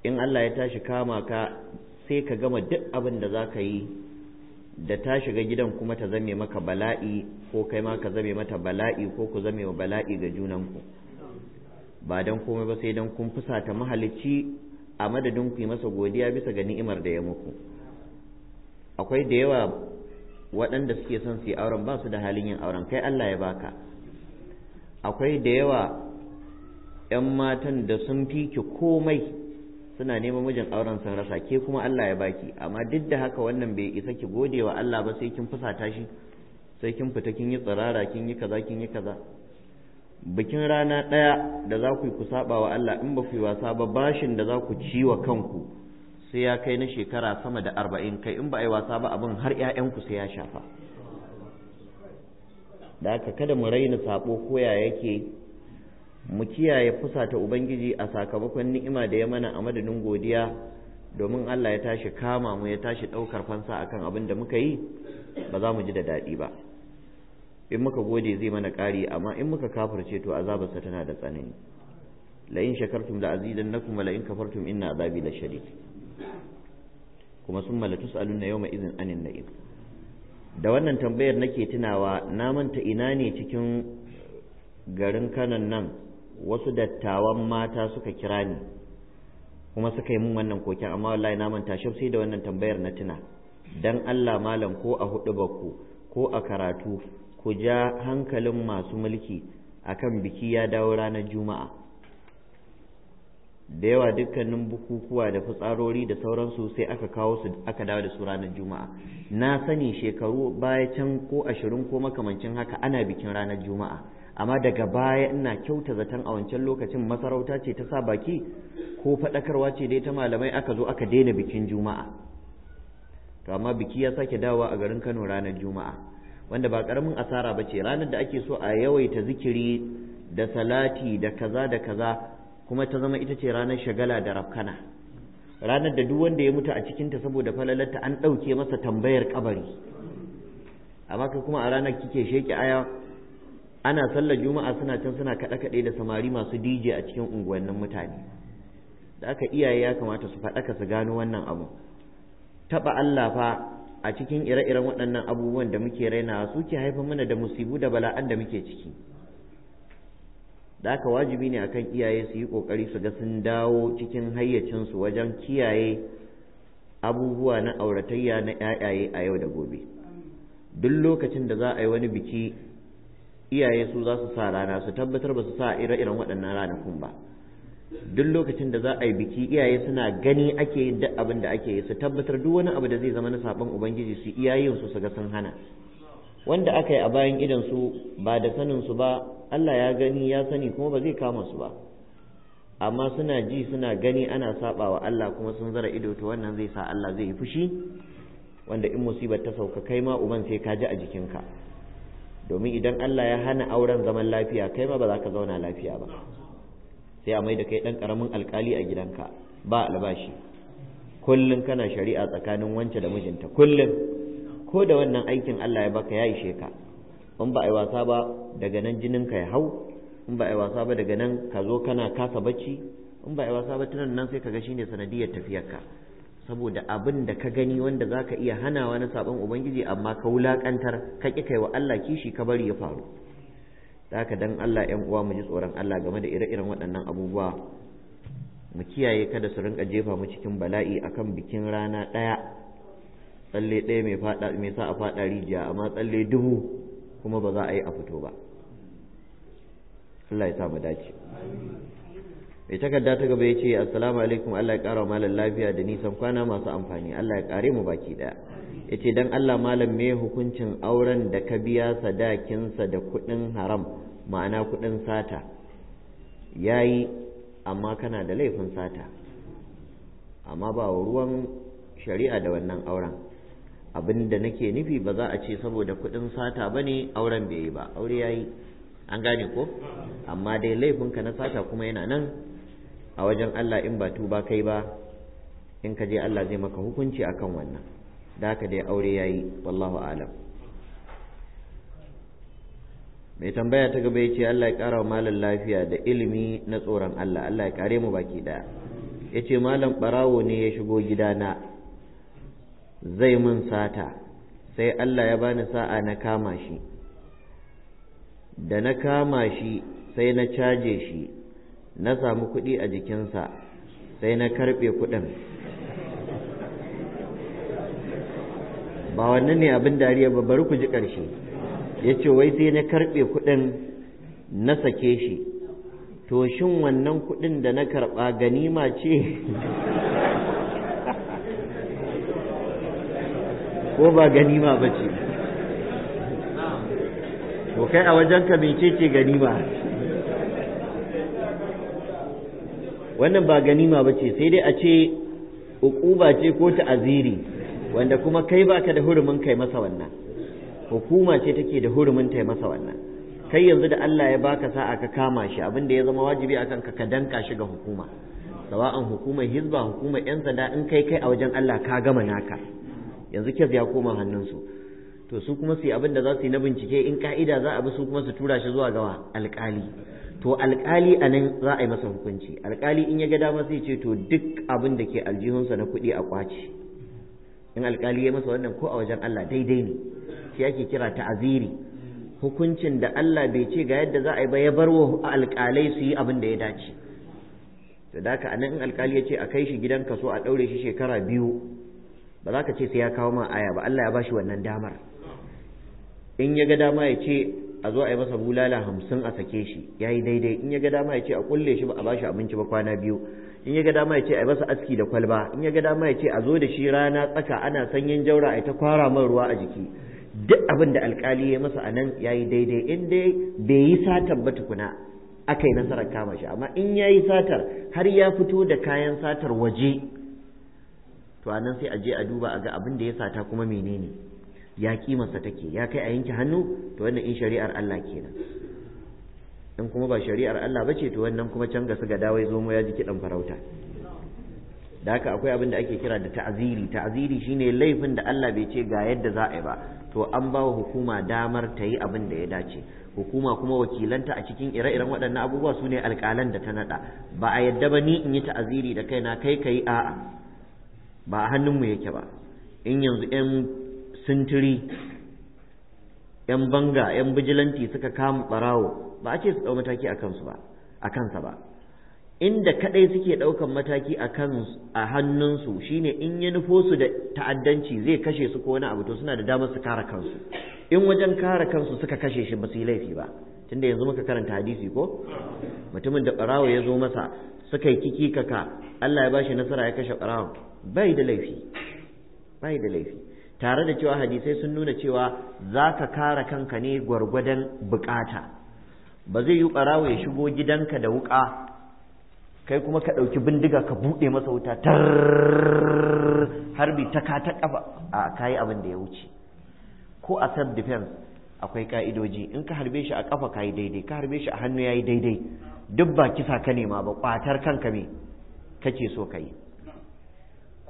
in Allah ya tashi kama ka sai ka gama duk abin da za ka yi da ta shiga gidan kuma ta zame maka bala'i ko kai ma ka zame mata bala'i ko ku zame wa bala'i ga junanku ba don komai ba sai don kun fusata mahalicci a madadin ku yi masa godiya bisa ga ni'imar da ya muku akwai da yawa waɗanda suke son su yi auren ba su da halin yin auren kai Allah ya baka akwai da yawa 'yan matan da sun fi ki komai suna neman mijin auren sun rasa ke kuma Allah ya baki amma duk da haka wannan bai isa ki gode wa Allah ba sai kin fusata shi sai kin fita kin yi tsirara kin yi kaza kin yi kaza bikin rana ɗaya da za ku yi ku saba wa Allah in ba ku yi wasa ba bashin da za ku ci wa kanku sai ya kai na shekara sama da arba'in kai in ba a yi wasa ba abin har 'ya'yanku sai ya shafa da aka kada mu raina sabo koya yake mu kiyaye fusata ubangiji a sakamakon ni'ima da ya mana a madadin godiya domin Allah ya tashi kama mu ya tashi ɗaukar fansa akan abin da muka yi ba za mu ji da daɗi ba in muka gode zai mana ƙari amma in muka kafirce to azabarsa tana da tsanani la in shakartum la azidannakum wa la in kafartum inna azabi la shadid kuma summa la tus'alunna yawma idhin anin na'im da wannan tambayar nake tunawa na manta ina ne cikin garin kanan nan wasu dattawan mata suka kira ni kuma suka yi mun wannan koken amma wallahi na manta shi sai da wannan tambayar na tuna dan Allah malam ko a hudu ku ko a karatu ku ja hankalin masu mulki akan biki ya dawo ranar juma'a da yawa dukkanin bukukuwa da fitsarori da sauransu sai aka kawo su aka dawo da su ranar juma'a na sani shekaru baya can ko ashirin ko makamancin haka ana bikin ranar juma'a amma daga baya ina kyauta zaton a wancan lokacin masarauta ce ta sa baki ko faɗakarwa ce dai ta malamai aka zo aka daina bikin juma'a to amma biki ya sake dawowa a garin kano ranar juma'a wanda ba ƙaramin asara ba ce ranar da ake so a yawaita zikiri da salati da kaza da kaza kuma ta zama ita ce ranar shagala da rafkana ranar da duk wanda ya mutu a cikinta saboda falalarta an ɗauke masa tambayar kabari amma kai kuma a ranar kike sheki aya ana sallar juma'a suna can suna kaɗe-kaɗe da samari masu dj a cikin unguwannin mutane da aka iyaye ya kamata su faɗaka su gano wannan abu taɓa allah fa a cikin ire-iren waɗannan abubuwan da muke rainawa suke haifar mana da musibu da bala'an da muke ciki da aka wajibi ne akan iyaye su yi kokari su ga sun dawo cikin hayyacinsu wajen kiyaye abubuwa na auratayya na yayaye a yau da gobe duk lokacin da za a yi wani biki iyaye su za su sa rana su tabbatar ba su sa ire-iren waɗannan ranakun ba duk lokacin da za a yi biki iyaye suna gani ake yin duk abin da ake yi su tabbatar duk wani abu da zai zama na sabon ubangiji su iyayen su su ga sun hana wanda aka yi a bayan idan su ba da sanin su ba Allah ya gani ya sani kuma ba zai kama su ba amma suna ji suna gani ana saba wa Allah kuma sun zara ido to wannan zai sa Allah zai yi fushi wanda in musibar ta sauka kai ma uban sai ka ji a jikinka domin idan Allah ya hana auren zaman lafiya kai ma ba za ka zauna lafiya ba sai a mai da kai dan karamin alkali a gidanka ba albashi kullun kana shari'a tsakanin wance da mijinta kullun ko da wannan aikin Allah ya baka ya ishe ka in ba a yi wasa ba daga nan jinin ka ya hau in ba a yi wasa ba daga nan ka zo kana kasa bacci in ba a yi wasa ba tunan nan sai ka ga shine sanadiyar ka. saboda abin da ka gani wanda za ka iya hanawa na sabon ubangiji amma ka wulakantar ka ƙi kai wa Allah kishi ka bari ya faru haka dan Allah 'yan uwa mu ji tsoron Allah game da ire-iren waɗannan abubuwa mu kiyaye kada su rinka jefa mu cikin bala'i akan bikin rana ɗaya tsalle ɗaya mai sa a faɗa rijiya amma tsalle dubu kuma ba za a yi a fito ba Allah ya sa mu dace mai takarda ta gaba ya ce assalamu alaikum Allah ya kara malam lafiya da nisan kwana masu amfani Allah ya kare mu baki daya ya ce don Allah malam me hukuncin auren da ka biya sadakinsa da kuɗin haram ma'ana kuɗin sata ya yi amma kana da laifin sata amma ba ruwan shari'a da wannan auren abin da nake nufi ba za a ce saboda kuɗin sata ba ne auren bai yi ba aure ya yi an gane ko amma dai laifinka na sata kuma yana nan a wajen Allah in ba tuba kai ba in ka je Allah zai maka hukunci akan wannan da haka dai aure ya yi wallahu alam mai tambaya ta gaba ya ce Allah ya ƙara wa malam lafiya da ilimi na tsoron Allah Allah ya kare mu baki ɗaya ya ce malam ɓarawo ne ya shigo gidana zai mun sata sai Allah ya bani sa'a na kama shi da na kama shi sai na caje shi na samu kuɗi a jikinsa sai na karɓe kuɗin ba wannan ne abin dariya ba bari ku ji ƙarshe ya ce wai sai na karɓe kuɗin na sake shi to shin wannan kuɗin da na karɓa ganima ce ko ba ganima ba ce ko kai a wajenka mecece ganima wannan ba ganima ba ce sai dai a ce ba ce ko ta'aziri wanda kuma kai baka da hurumin kai masa wannan hukuma ce take da hurumin ta masa wannan kai yanzu da Allah ya baka sa'a ka kama shi abin da ya zama wajibi akan ka ka danka shi ga hukuma sawa'an hukumar hizba hukumar yan sanda in kai kai a wajen Allah ka gama naka yanzu kes ya koma hannunsu to su kuma su yi abin da za su yi na bincike in ka'ida za a bi su kuma su tura shi zuwa gawa alkali to alkali a nan za a yi masa hukunci alkali in ya ga dama sai ce to duk abin da ke aljihunsa na kuɗi a kwace in alkali ya masa wannan ko a wajen Allah daidai ne shi ake kira ta'aziri hukuncin da Allah bai ce ga yadda za a yi ba ya bar wa alkalai su yi abin da ya dace to da haka anan in alkali ya ce a kai shi gidan kaso a ɗaure shi shekara biyu ba za ka ce sai ya kawo ma aya ba Allah ya bashi wannan damar in ya ga dama ya ce a zo a yi masa bulala hamsin a sake shi ya yi daidai in ya ga dama ya ce a kulle shi ba a bashi abinci ba kwana biyu in ya ga dama ya ce a yi masa aski da kwalba in ya ga dama ya ce a zo da shi rana tsaka ana sanyin jaura a ta kwara man ruwa a jiki duk abin da alkali ya masa a nan ya yi daidai in dai bai yi satar ba tukuna aka yi nasarar kama shi amma in ya yi satar har ya fito da kayan satar waje to a nan sai a je a duba a ga abin da ya sata kuma menene ya kimarsa take ya kai a yanke hannu to wannan in shari'ar Allah kenan in kuma ba shari'ar Allah bace to wannan kuma can ga ga dawai zo mu ya ji kidan farauta da haka akwai abin da ake kira da ta'ziri ta'ziri shine laifin da Allah bai ce ga yadda za a yi ba to an ba wa hukuma damar ta yi abin da ya dace hukuma kuma wakilanta a cikin ire-iren waɗannan abubuwa su ne alƙalan da ta naɗa ba a yadda ba ni in yi ta'aziri da kaina kai ka a'a ba a hannunmu yake ba in yanzu 'yan sintiri 'yan banga 'yan bijilanti suka kama barawo ba a ce su ɗau mataki a kansa ba inda kaɗai suke ɗaukan mataki a a hannunsu shine in ya nufo su da ta'addanci zai kashe su ko wani abu to suna da damar su kare kansu in wajen kara kansu suka kashe shi ba su yi laifi ba tunda yanzu muka karanta hadisi ko mutumin da ɓarawo ya zo masa suka yi kiki kaka Allah ya bashi nasara ya kashe ɓarawon. bai da laifi bai da laifi tare da cewa hadisai sun nuna cewa za ka kare kanka ne gwargwadon bukata ba zai yi ɓarawo ya shigo gidanka da wuƙa kai kuma ka ɗauki bindiga ka buɗe masa wuta tar harbi ta ka ta ƙafa a kayi abin ya wuce ko a self defense akwai ka'idoji in ka harbe shi a ƙafa kayi daidai ka harbe shi a hannu yayi daidai duk ba kisa ka nema ba ƙwatar kanka me kake so ka yi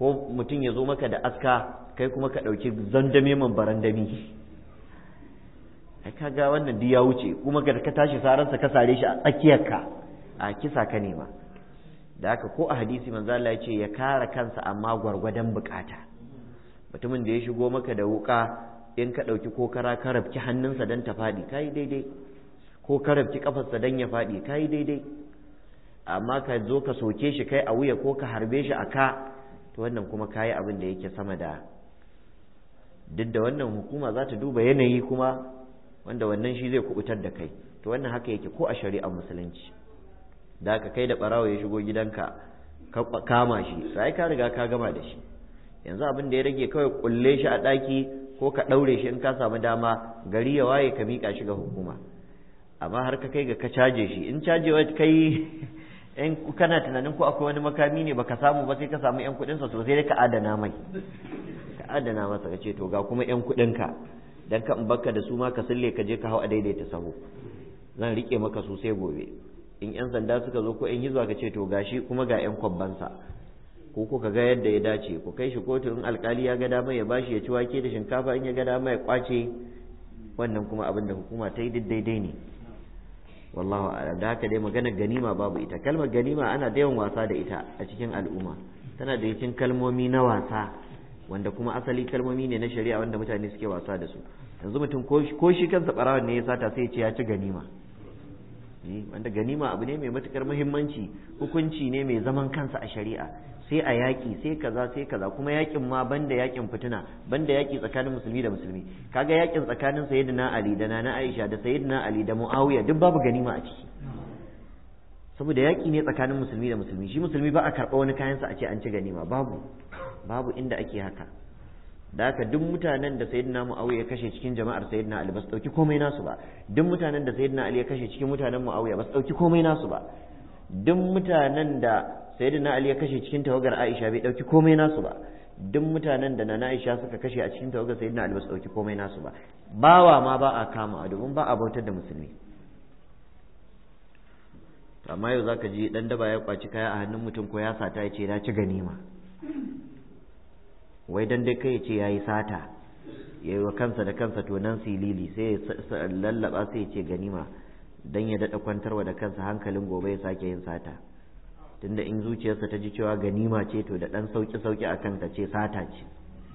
ko mutum ya zo maka da aska kai kuma ka ɗauki zandame man barandami ai kaga wannan duk ya wuce kuma ka ka tashi saransa ka sare shi a tsakiyar ka, a kisa ka nema da haka ko a hadisi manzo Allah ya ce ya kare kansa amma gwargwadon bukata mutumin da ya shigo maka da wuka in ka ɗauki ko kara ka rabki hannunsa don ta faɗi ka daidai ko ka rabki ƙafarsa don ya faɗi kai daidai amma ka zo ka soke shi kai a wuya ko ka harbe shi a ka to wannan kuma kayi abin da yake sama da duk da wannan hukuma za ta duba yanayi kuma wanda wannan shi zai kubutar da kai to wannan haka yake ko a shari'ar musulunci da ka kai da barawo ya shigo gidanka ka kama shi sai ka riga ka gama da shi yanzu abin da ya rage kawai kulle shi a ɗaki ko ka ɗaure shi in ka samu dama gari ya waye ka mika shi ga hukuma amma har ka kai ga ka caje shi in cajewa kai in kana tunanin ko akwai wani makami ne baka samu ba sai ka samu yan kuɗinsa to sai ka adana mai ka adana masa ka ce to ga kuma yan kuɗinka dan ka in da su ma ka sille ka je ka hau a daidaita sahu zan rike maka su sai gobe in yan sanda suka zo ko yan hizba ka ce to gashi kuma ga yan kwabbansa ko ko ga yadda ya dace ku kai shi kotu in alkali ya ga dama ya bashi ya ci wake da shinkafa in ya ga dama ya kwace wannan kuma abin da hukuma ta yi duk daidai ne wallahu a'lam da haka dai magana ganima babu ita kalmar ganima ana da yawan wasa da ita a cikin al'umma tana da yakin kalmomi na wasa wanda kuma asali kalmomi ne na shari'a wanda mutane suke wasa da su yanzu mutum ko shi kansa barawon ne ya sata sai ya ce ya ci ganima eh, wanda ganima abu ne mai matukar muhimmanci hukunci ne mai zaman kansa a shari'a sai a yaƙi sai kaza sai kaza kuma yaƙin ma banda yaƙin fituna banda yaƙi tsakanin musulmi da musulmi kaga yaƙin tsakanin sayyidina ali da nana aisha da sayyidina ali da muawiya duk babu ganima a ciki saboda yaƙi ne tsakanin musulmi da musulmi shi musulmi ba a karɓa wani kayansa a ce an ci ganima babu babu inda ake haka da haka duk mutanen da sayyidina muawiya ya kashe cikin jama'ar sayyidina ali ba su dauki komai nasu ba duk mutanen da sayyidina ali ya kashe cikin mutanen muawiya ba su dauki komai nasu ba duk mutanen da sayyidina ali ya kashe cikin tawagar aisha bai dauki komai nasu ba duk mutanen da na aisha suka kashe a cikin tawagar sayyidina ali ba su dauki komai nasu ba bawa ma ba a kama a domin ba a bautar da musulmi amma yau zaka ji dan daba ya kwaci kaya a hannun mutum ko ya sata ya ce na ci ganima wai dan dai kai ya ce yayi sata ya yi wa kansa da kansa to nan silili sai ya lallaba sai ya ce ganima dan ya dada kwantarwa da kansa hankalin gobe ya sake yin sata tunda in zuciyarsa ta ji cewa ganima ce to da ɗan sauƙi-sauƙi a kanta ce sata ce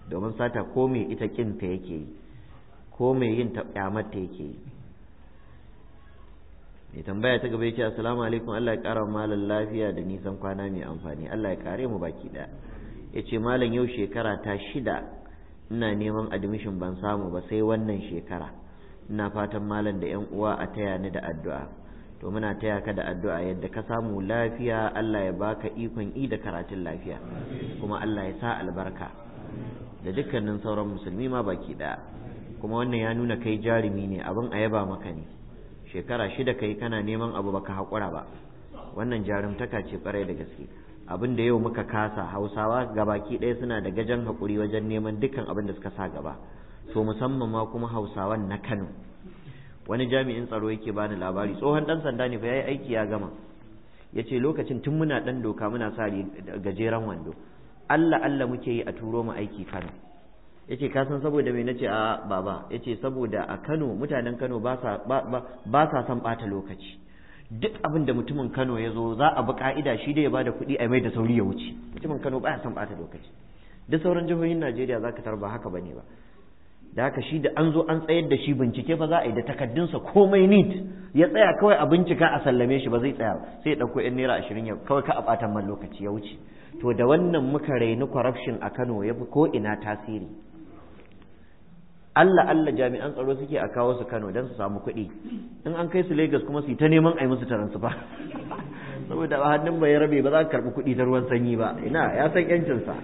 domin sata ko mai ita ƙinta yake yi ko mai yin ƙyamarta yake yi mai tambaya ta gaba ya ce assalamu alaikum Allah ya ƙara malam lafiya da nisan kwana mai amfani Allah ya kare mu baki ɗaya ya ce malam yau shekara ta shida ina neman admission ban samu ba sai wannan shekara ina fatan malam da 'yan uwa a taya ni da addu'a to muna taya ka da addu'a yadda ka samu lafiya Allah ya baka ikon i da karatun lafiya kuma Allah ya sa albarka da dukkanin sauran musulmi ma baki daya kuma wannan ya nuna kai jarumi ne abin a yaba maka ne shekara shida kai kana neman abu baka haƙura ba wannan jarumtaka ce ƙwarai da gaske abin da yau muka kasa hausawa ga baki ɗaya suna da gajen haƙuri wajen neman dukkan abin da suka sa gaba to musamman ma kuma hausawan na kano wani jami'in tsaro yake bani labari tsohon dan sanda ne fa yayi aiki ya gama yace lokacin tun muna dan doka muna sa gajeren wando Allah Allah muke yi a turo mu aiki Kano yace ka san saboda me nace a baba yace saboda a Kano mutanen Kano ba sa ba sa son bata lokaci duk abin da mutumin Kano ya zo za a bi ka'ida shi da ya bada kuɗi a mai da sauri ya wuce mutumin Kano baya son bata lokaci duk sauran jihohin Najeriya zaka tarba haka bane ba da haka shi da an zo an tsayar da shi bincike ba za a yi da takaddunsa komai nit ya tsaya kawai a bincika a sallame shi ba zai tsaya sai ya ɗauko 'yan naira ashirin ya kawai ka a ɓatan man lokaci ya wuce to da wannan muka raini corruption a kano ya fi ina tasiri Allah Allah jami'an tsaro suke a kawo su Kano don su samu kuɗi in an kai su Lagos kuma su yi ta neman a yi musu taransu ba saboda hannun bai rabe ba za ka karɓi kuɗi da ruwan sanyi ba ina ya san 'yancinsa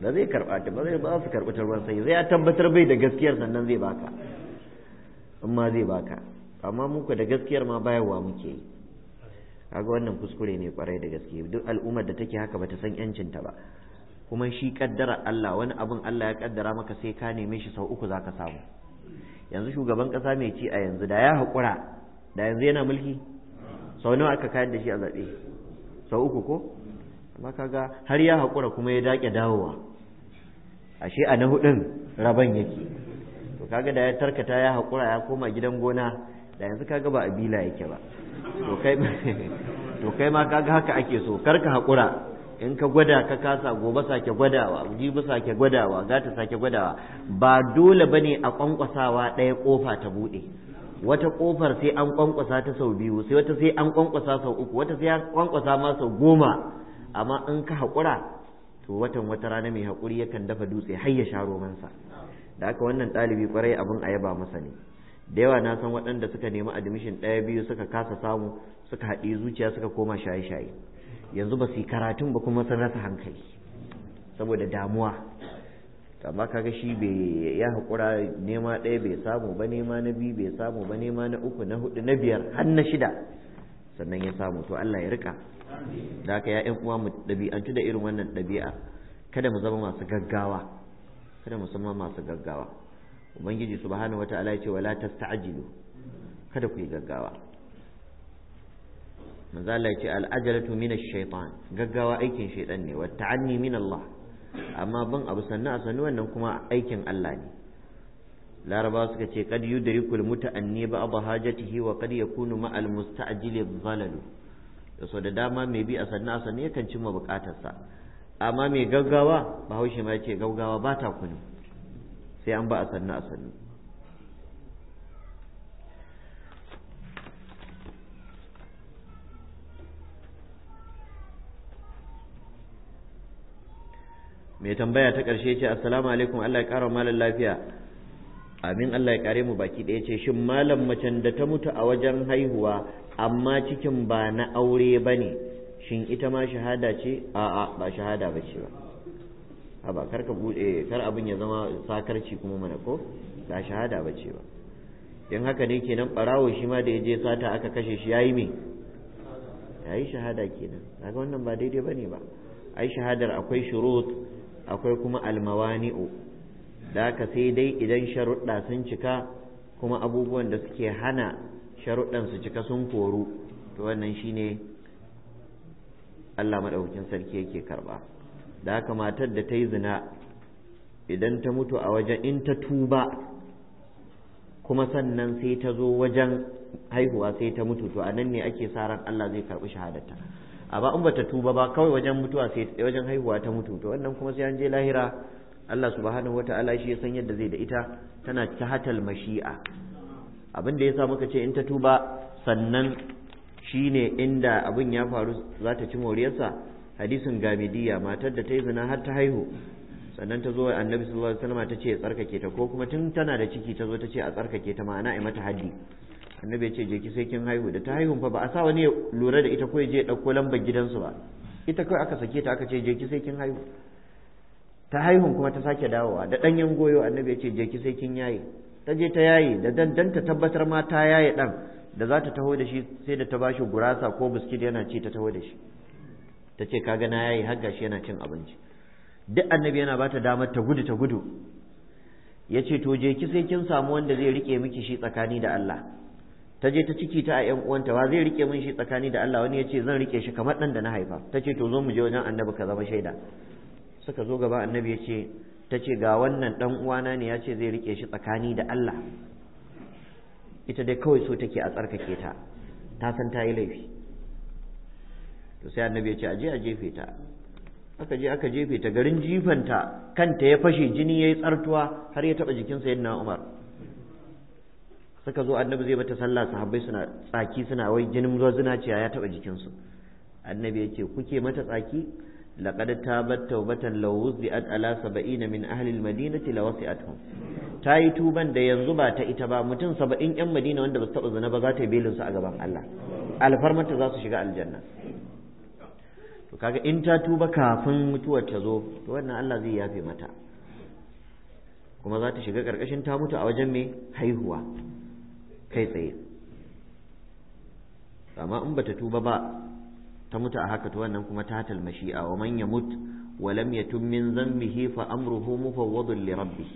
ba zai karɓa ta ba zai ba su karɓi ta ruwan sanyi sai ya tabbatar bai da gaskiyar sannan zai baka in ma zai baka amma muka da gaskiyar ma bayarwa muke yi kaga wannan kuskure ne kwarai da gaske duk al'ummar da take haka bata san yancin ta ba kuma shi kaddara Allah wani abin Allah ya kaddara maka sai ka neme shi sau uku zaka samu yanzu shugaban kasa mai ci a yanzu da ya haƙura da yanzu yana mulki sau nawa aka kayar da shi a zaɓe sau uku ko amma kaga har ya haƙura kuma ya dake dawowa ashe a na hudun raban yake to kaga da ya tarkata ya hakura ya koma gidan gona da yanzu kaga ba abila yake ba to kai ma kaga haka ake so kar ka hakura in ka gwada ka kasa gobe sake gwadawa jibi sake gwadawa ta sake gwadawa ba dole bane a kwankwasawa ɗaya ƙofa ta buɗe wata ƙofar sai an kwankwasa ta sau biyu sai wata sai an kwankwasa sau uku wata sai an kwankwasa ma sau goma amma in ka hakura. to watan wata rana mai haƙuri yakan dafa dutse har ya sha romansa da aka wannan ɗalibi kwarai abin a yaba masa ne da yawa na san waɗanda suka nemi admission ɗaya biyu suka kasa samu suka haɗi zuciya suka koma shaye-shaye yanzu ba su yi karatun ba kuma sun rasa hankali saboda damuwa amma kaga shi bai ya haƙura nema ɗaya bai samu ba nema na biyu bai samu ba nema na uku na hudu na biyar har na shida sannan ya samu to Allah ya rika da haka ya uwa mu ɗabi'antu da irin wannan ɗabi'a kada mu zama masu gaggawa kada mu zama masu gaggawa ubangiji subhanahu wataala ya ce wala tasta'jilu kada ku yi gaggawa manzo Allah ya ce al'ajalatu min ash-shaytan gaggawa aikin shaytan ne wa ta'anni min Allah amma ban abu sannu a sannu wannan kuma aikin Allah ne laraba suka ce kad yudrikul muta'anni bahajati hajatihi wa kad yakunu ma'al musta'jili dhalalu sau da dama mai bi a sannu a sannu yakan cimma bukatarsa amma mai gaggawa bahaushe ma ce gaggawa ba ta kunu sai an ba a sannu a sannu mai tambaya ta ƙarshe ce assalamu alaikum Allah ya ƙara malam lafiya amin Allah ya kare mu baki ɗaya ce shin malam macen da ta mutu a wajen haihuwa amma cikin ba na aure ba ne shin ita ma shahada ce a'a ba shahada ba ce ba a ba kar bude kar abin ya zama sakarci kuma mana ko ba shahada ba ce ba in haka ne kenan barawo shi ma da ya je sata aka kashe shi ya yayi me yi shahada kenan daga wannan ba daidai ba ne ba ai shahadar akwai shurut akwai kuma almawani'u da aka sai dai idan sharuɗa sun cika kuma abubuwan da suke hana sharuɗan su cika sun koru to wannan shine Allah madaukakin sarki yake karba da haka matar da ta yi zina idan ta mutu a wajen in ta tuba kuma sannan sai ta zo wajen haihuwa sai ta mutu to a nan ne ake sa ran Allah zai karɓi shahadarta amma in bata tuba ba kawai wajen mutuwa sai wajen haihuwa ta mutu to wannan kuma sai an je lahira Allah subhanahu wataala shi ya san yadda zai da ita tana ta hatal mashi'a abin da yasa muka ce in ta tuba sannan shine inda abin ya faru za ta ci moriyarsa hadisin gamidiya matar da ta yi zina har ta haihu sannan ta zo wa annabi sallallahu alaihi wasallam ta ce tsarkake ta ko kuma tun tana da ciki ta zo ta ce a tsarkake ta ma'ana ai mata haddi annabi ya ce je ki sai kin haihu da ta haihu fa ba a sa wani ya lura da ita ko ya je dauko lambar gidansu ba ita kawai aka sake ta aka ce je ki sai kin haihu ta haihu kuma ta sake dawowa da ɗanyen goyo annabi ya ce je ki sai kin yayi ta je ta yaye da dandan ta tabbatar ma ta yayi ɗan da za ta taho da shi sai da ta ba shi gurasa ko biskit yana ci ta taho da shi ta ce kaga na yayi har gashi yana cin abinci duk annabi yana bata damar ta gudu ta gudu ya ce to je ki sai kin samu wanda zai rike miki shi tsakani da Allah ta je ta ciki ta a ƴan uwanta wa zai rike min shi tsakani da Allah wani ya ce zan rike shi kamar ɗan da na haifa ta ce to zo mu je wajen annabi ka zama shaida suka zo gaba annabi ya ce ta ce ga wannan ɗan uwana ne ya ce zai rike shi tsakani da Allah ita dai kawai so take a tsarkake ta ta san ta yi laifi to sai annabi ya ce aje a jefe ta aka je aka jefe ta garin jifanta kanta ya fashe jini ya yi tsartuwa har ya taɓa jikin sayyidina Umar suka zo annabi zai mata sallah sahabbai suna tsaki suna wai jinin zina ce ya taɓa jikinsu annabi ya ce kuke mata tsaki laqad tabat tawbatan law wuzi'at ala saba'ina min ahli almadinati lawasi'atuhum ta yi tuban da yanzu ba ta ita ba mutum saba'in yan madina wanda ba su taɓa zina ba za ta yi belin su a gaban Allah alfarmanta za su shiga aljanna to kaga in ta tuba kafin mutuwar ta zo to wannan Allah zai yafe mata kuma za ta shiga karkashin ta mutu a wajen mai haihuwa kai tsaye amma in bata tuba ba ta mutu a haka to wannan kuma tatal mashi'a wa man yamut wa lam yatum min dhanbihi fa amruhu mufawwadun li rabbih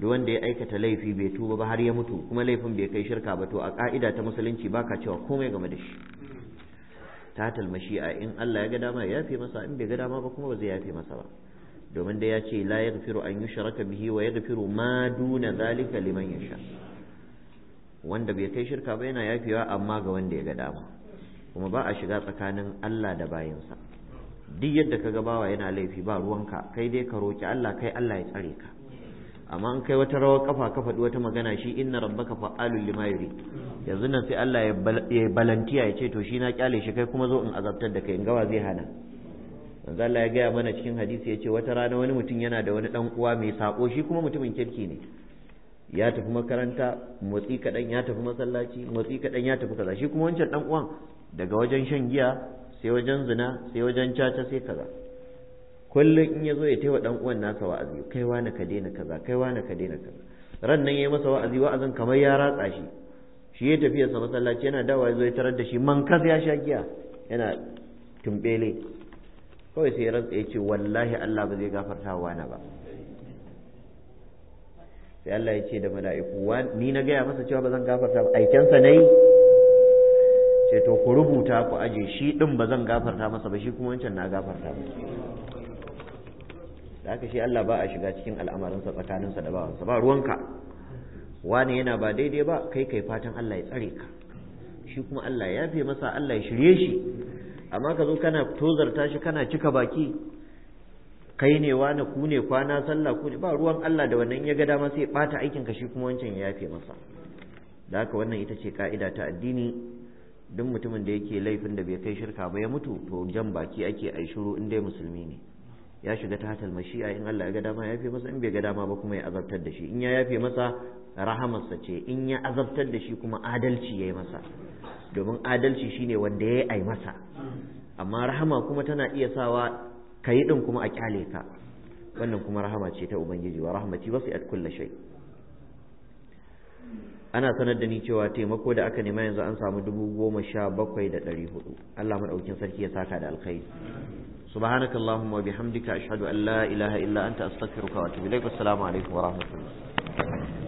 duk wanda ya aikata laifi bai tuba ba har ya mutu kuma laifin bai kai shirka ba to a ka'ida ta musulunci baka cewa komai game da shi tatal mashi'a in Allah ya ga dama ya yafe masa in bai ga dama ba kuma ba zai yafe masa ba domin da ya ce la ya an yushraka sharaka bihi wa ya ma duna zalika liman ya sha wanda bai kai shirka ba yana yafewa amma ga wanda ya ga dama kuma ba a shiga tsakanin Allah da bayinsa duk yadda ka ga bawa yana laifi ba ruwanka kai dai ka roki Allah kai Allah ya tsare ka amma in kai wata rawar kafa ka faɗi wata magana shi inna rabbaka fa'alul lima yurid yanzu nan sai Allah ya balantiya ya ce to shi na kyale shi kai kuma zo in azabtar da kai in gawa zai hana yanzu Allah ya gaya mana cikin hadisi ya ce wata rana wani mutum yana da wani dan uwa mai sako shi kuma mutumin kirki ne ya tafi makaranta motsi kaɗan ya tafi masallaci motsi kaɗan ya tafi kaza shi kuma wancan ɗan uwan daga wajen shan giya sai wajen zina sai wajen caca sai kaza kullum in ya zo ya taiwa dan uwan nasa wa'azi kai na ka daina kaza kai na ka daina kaza ran nan ya masa wa'azi wa'azin kamar ya ratsa shi shi ya tafi sa masallaci yana dawa ya zo ya tarar da shi man kaza ya sha giya yana tumbele kawai sai ya rantsa ya ce wallahi Allah ba zai gafarta wa na ba sai Allah ya ce da mala'iku ni na gaya masa cewa ba zan gafarta ba aikensa na yi sai to ku rubuta ku aje shi din ba zan gafarta masa ba shi kuma wancan na gafarta masa da haka shi Allah ba a shiga cikin al'amarinsa tsakaninsa da bawansa ba ruwanka wani yana ba daidai ba kai kai fatan Allah ya tsare ka shi kuma Allah ya fi masa Allah ya shirye shi amma ka zo kana tozarta shi kana cika baki kai ne wani ku ne kwana sallah ku ne ba ruwan Allah da wannan ya ga dama sai ya bata aikin ka shi kuma wancan ya yafe masa da haka wannan ita ce ka'ida ta addini duk mutumin da yake laifin da bai kai shirka ba ya mutu to jan baki ake ai shiru in dai musulmi ne ya shiga ta hatal mashi'a in Allah ya ga dama ya yafe masa in bai ga dama ba kuma ya azabtar da shi in ya yafe masa rahamarsa ce in ya azabtar da shi kuma adalci ya yi masa domin adalci shi ne wanda ya yi masa amma rahama kuma tana iya sawa ka yi din kuma a kyale ka wannan kuma rahama ce ta ubangiji wa rahmati wasi'at kulli shai. ana sanar da ni cewa taimako da aka nema yanzu an samu dubu goma sha bakwai da ɗari hudu Allah maɗaukin sarki ya saka da alkhairi subhanaka allahumma wa bihamdika ashhadu an la illa an astaghfiruka wa atubu ilaik assalamu alaikum wa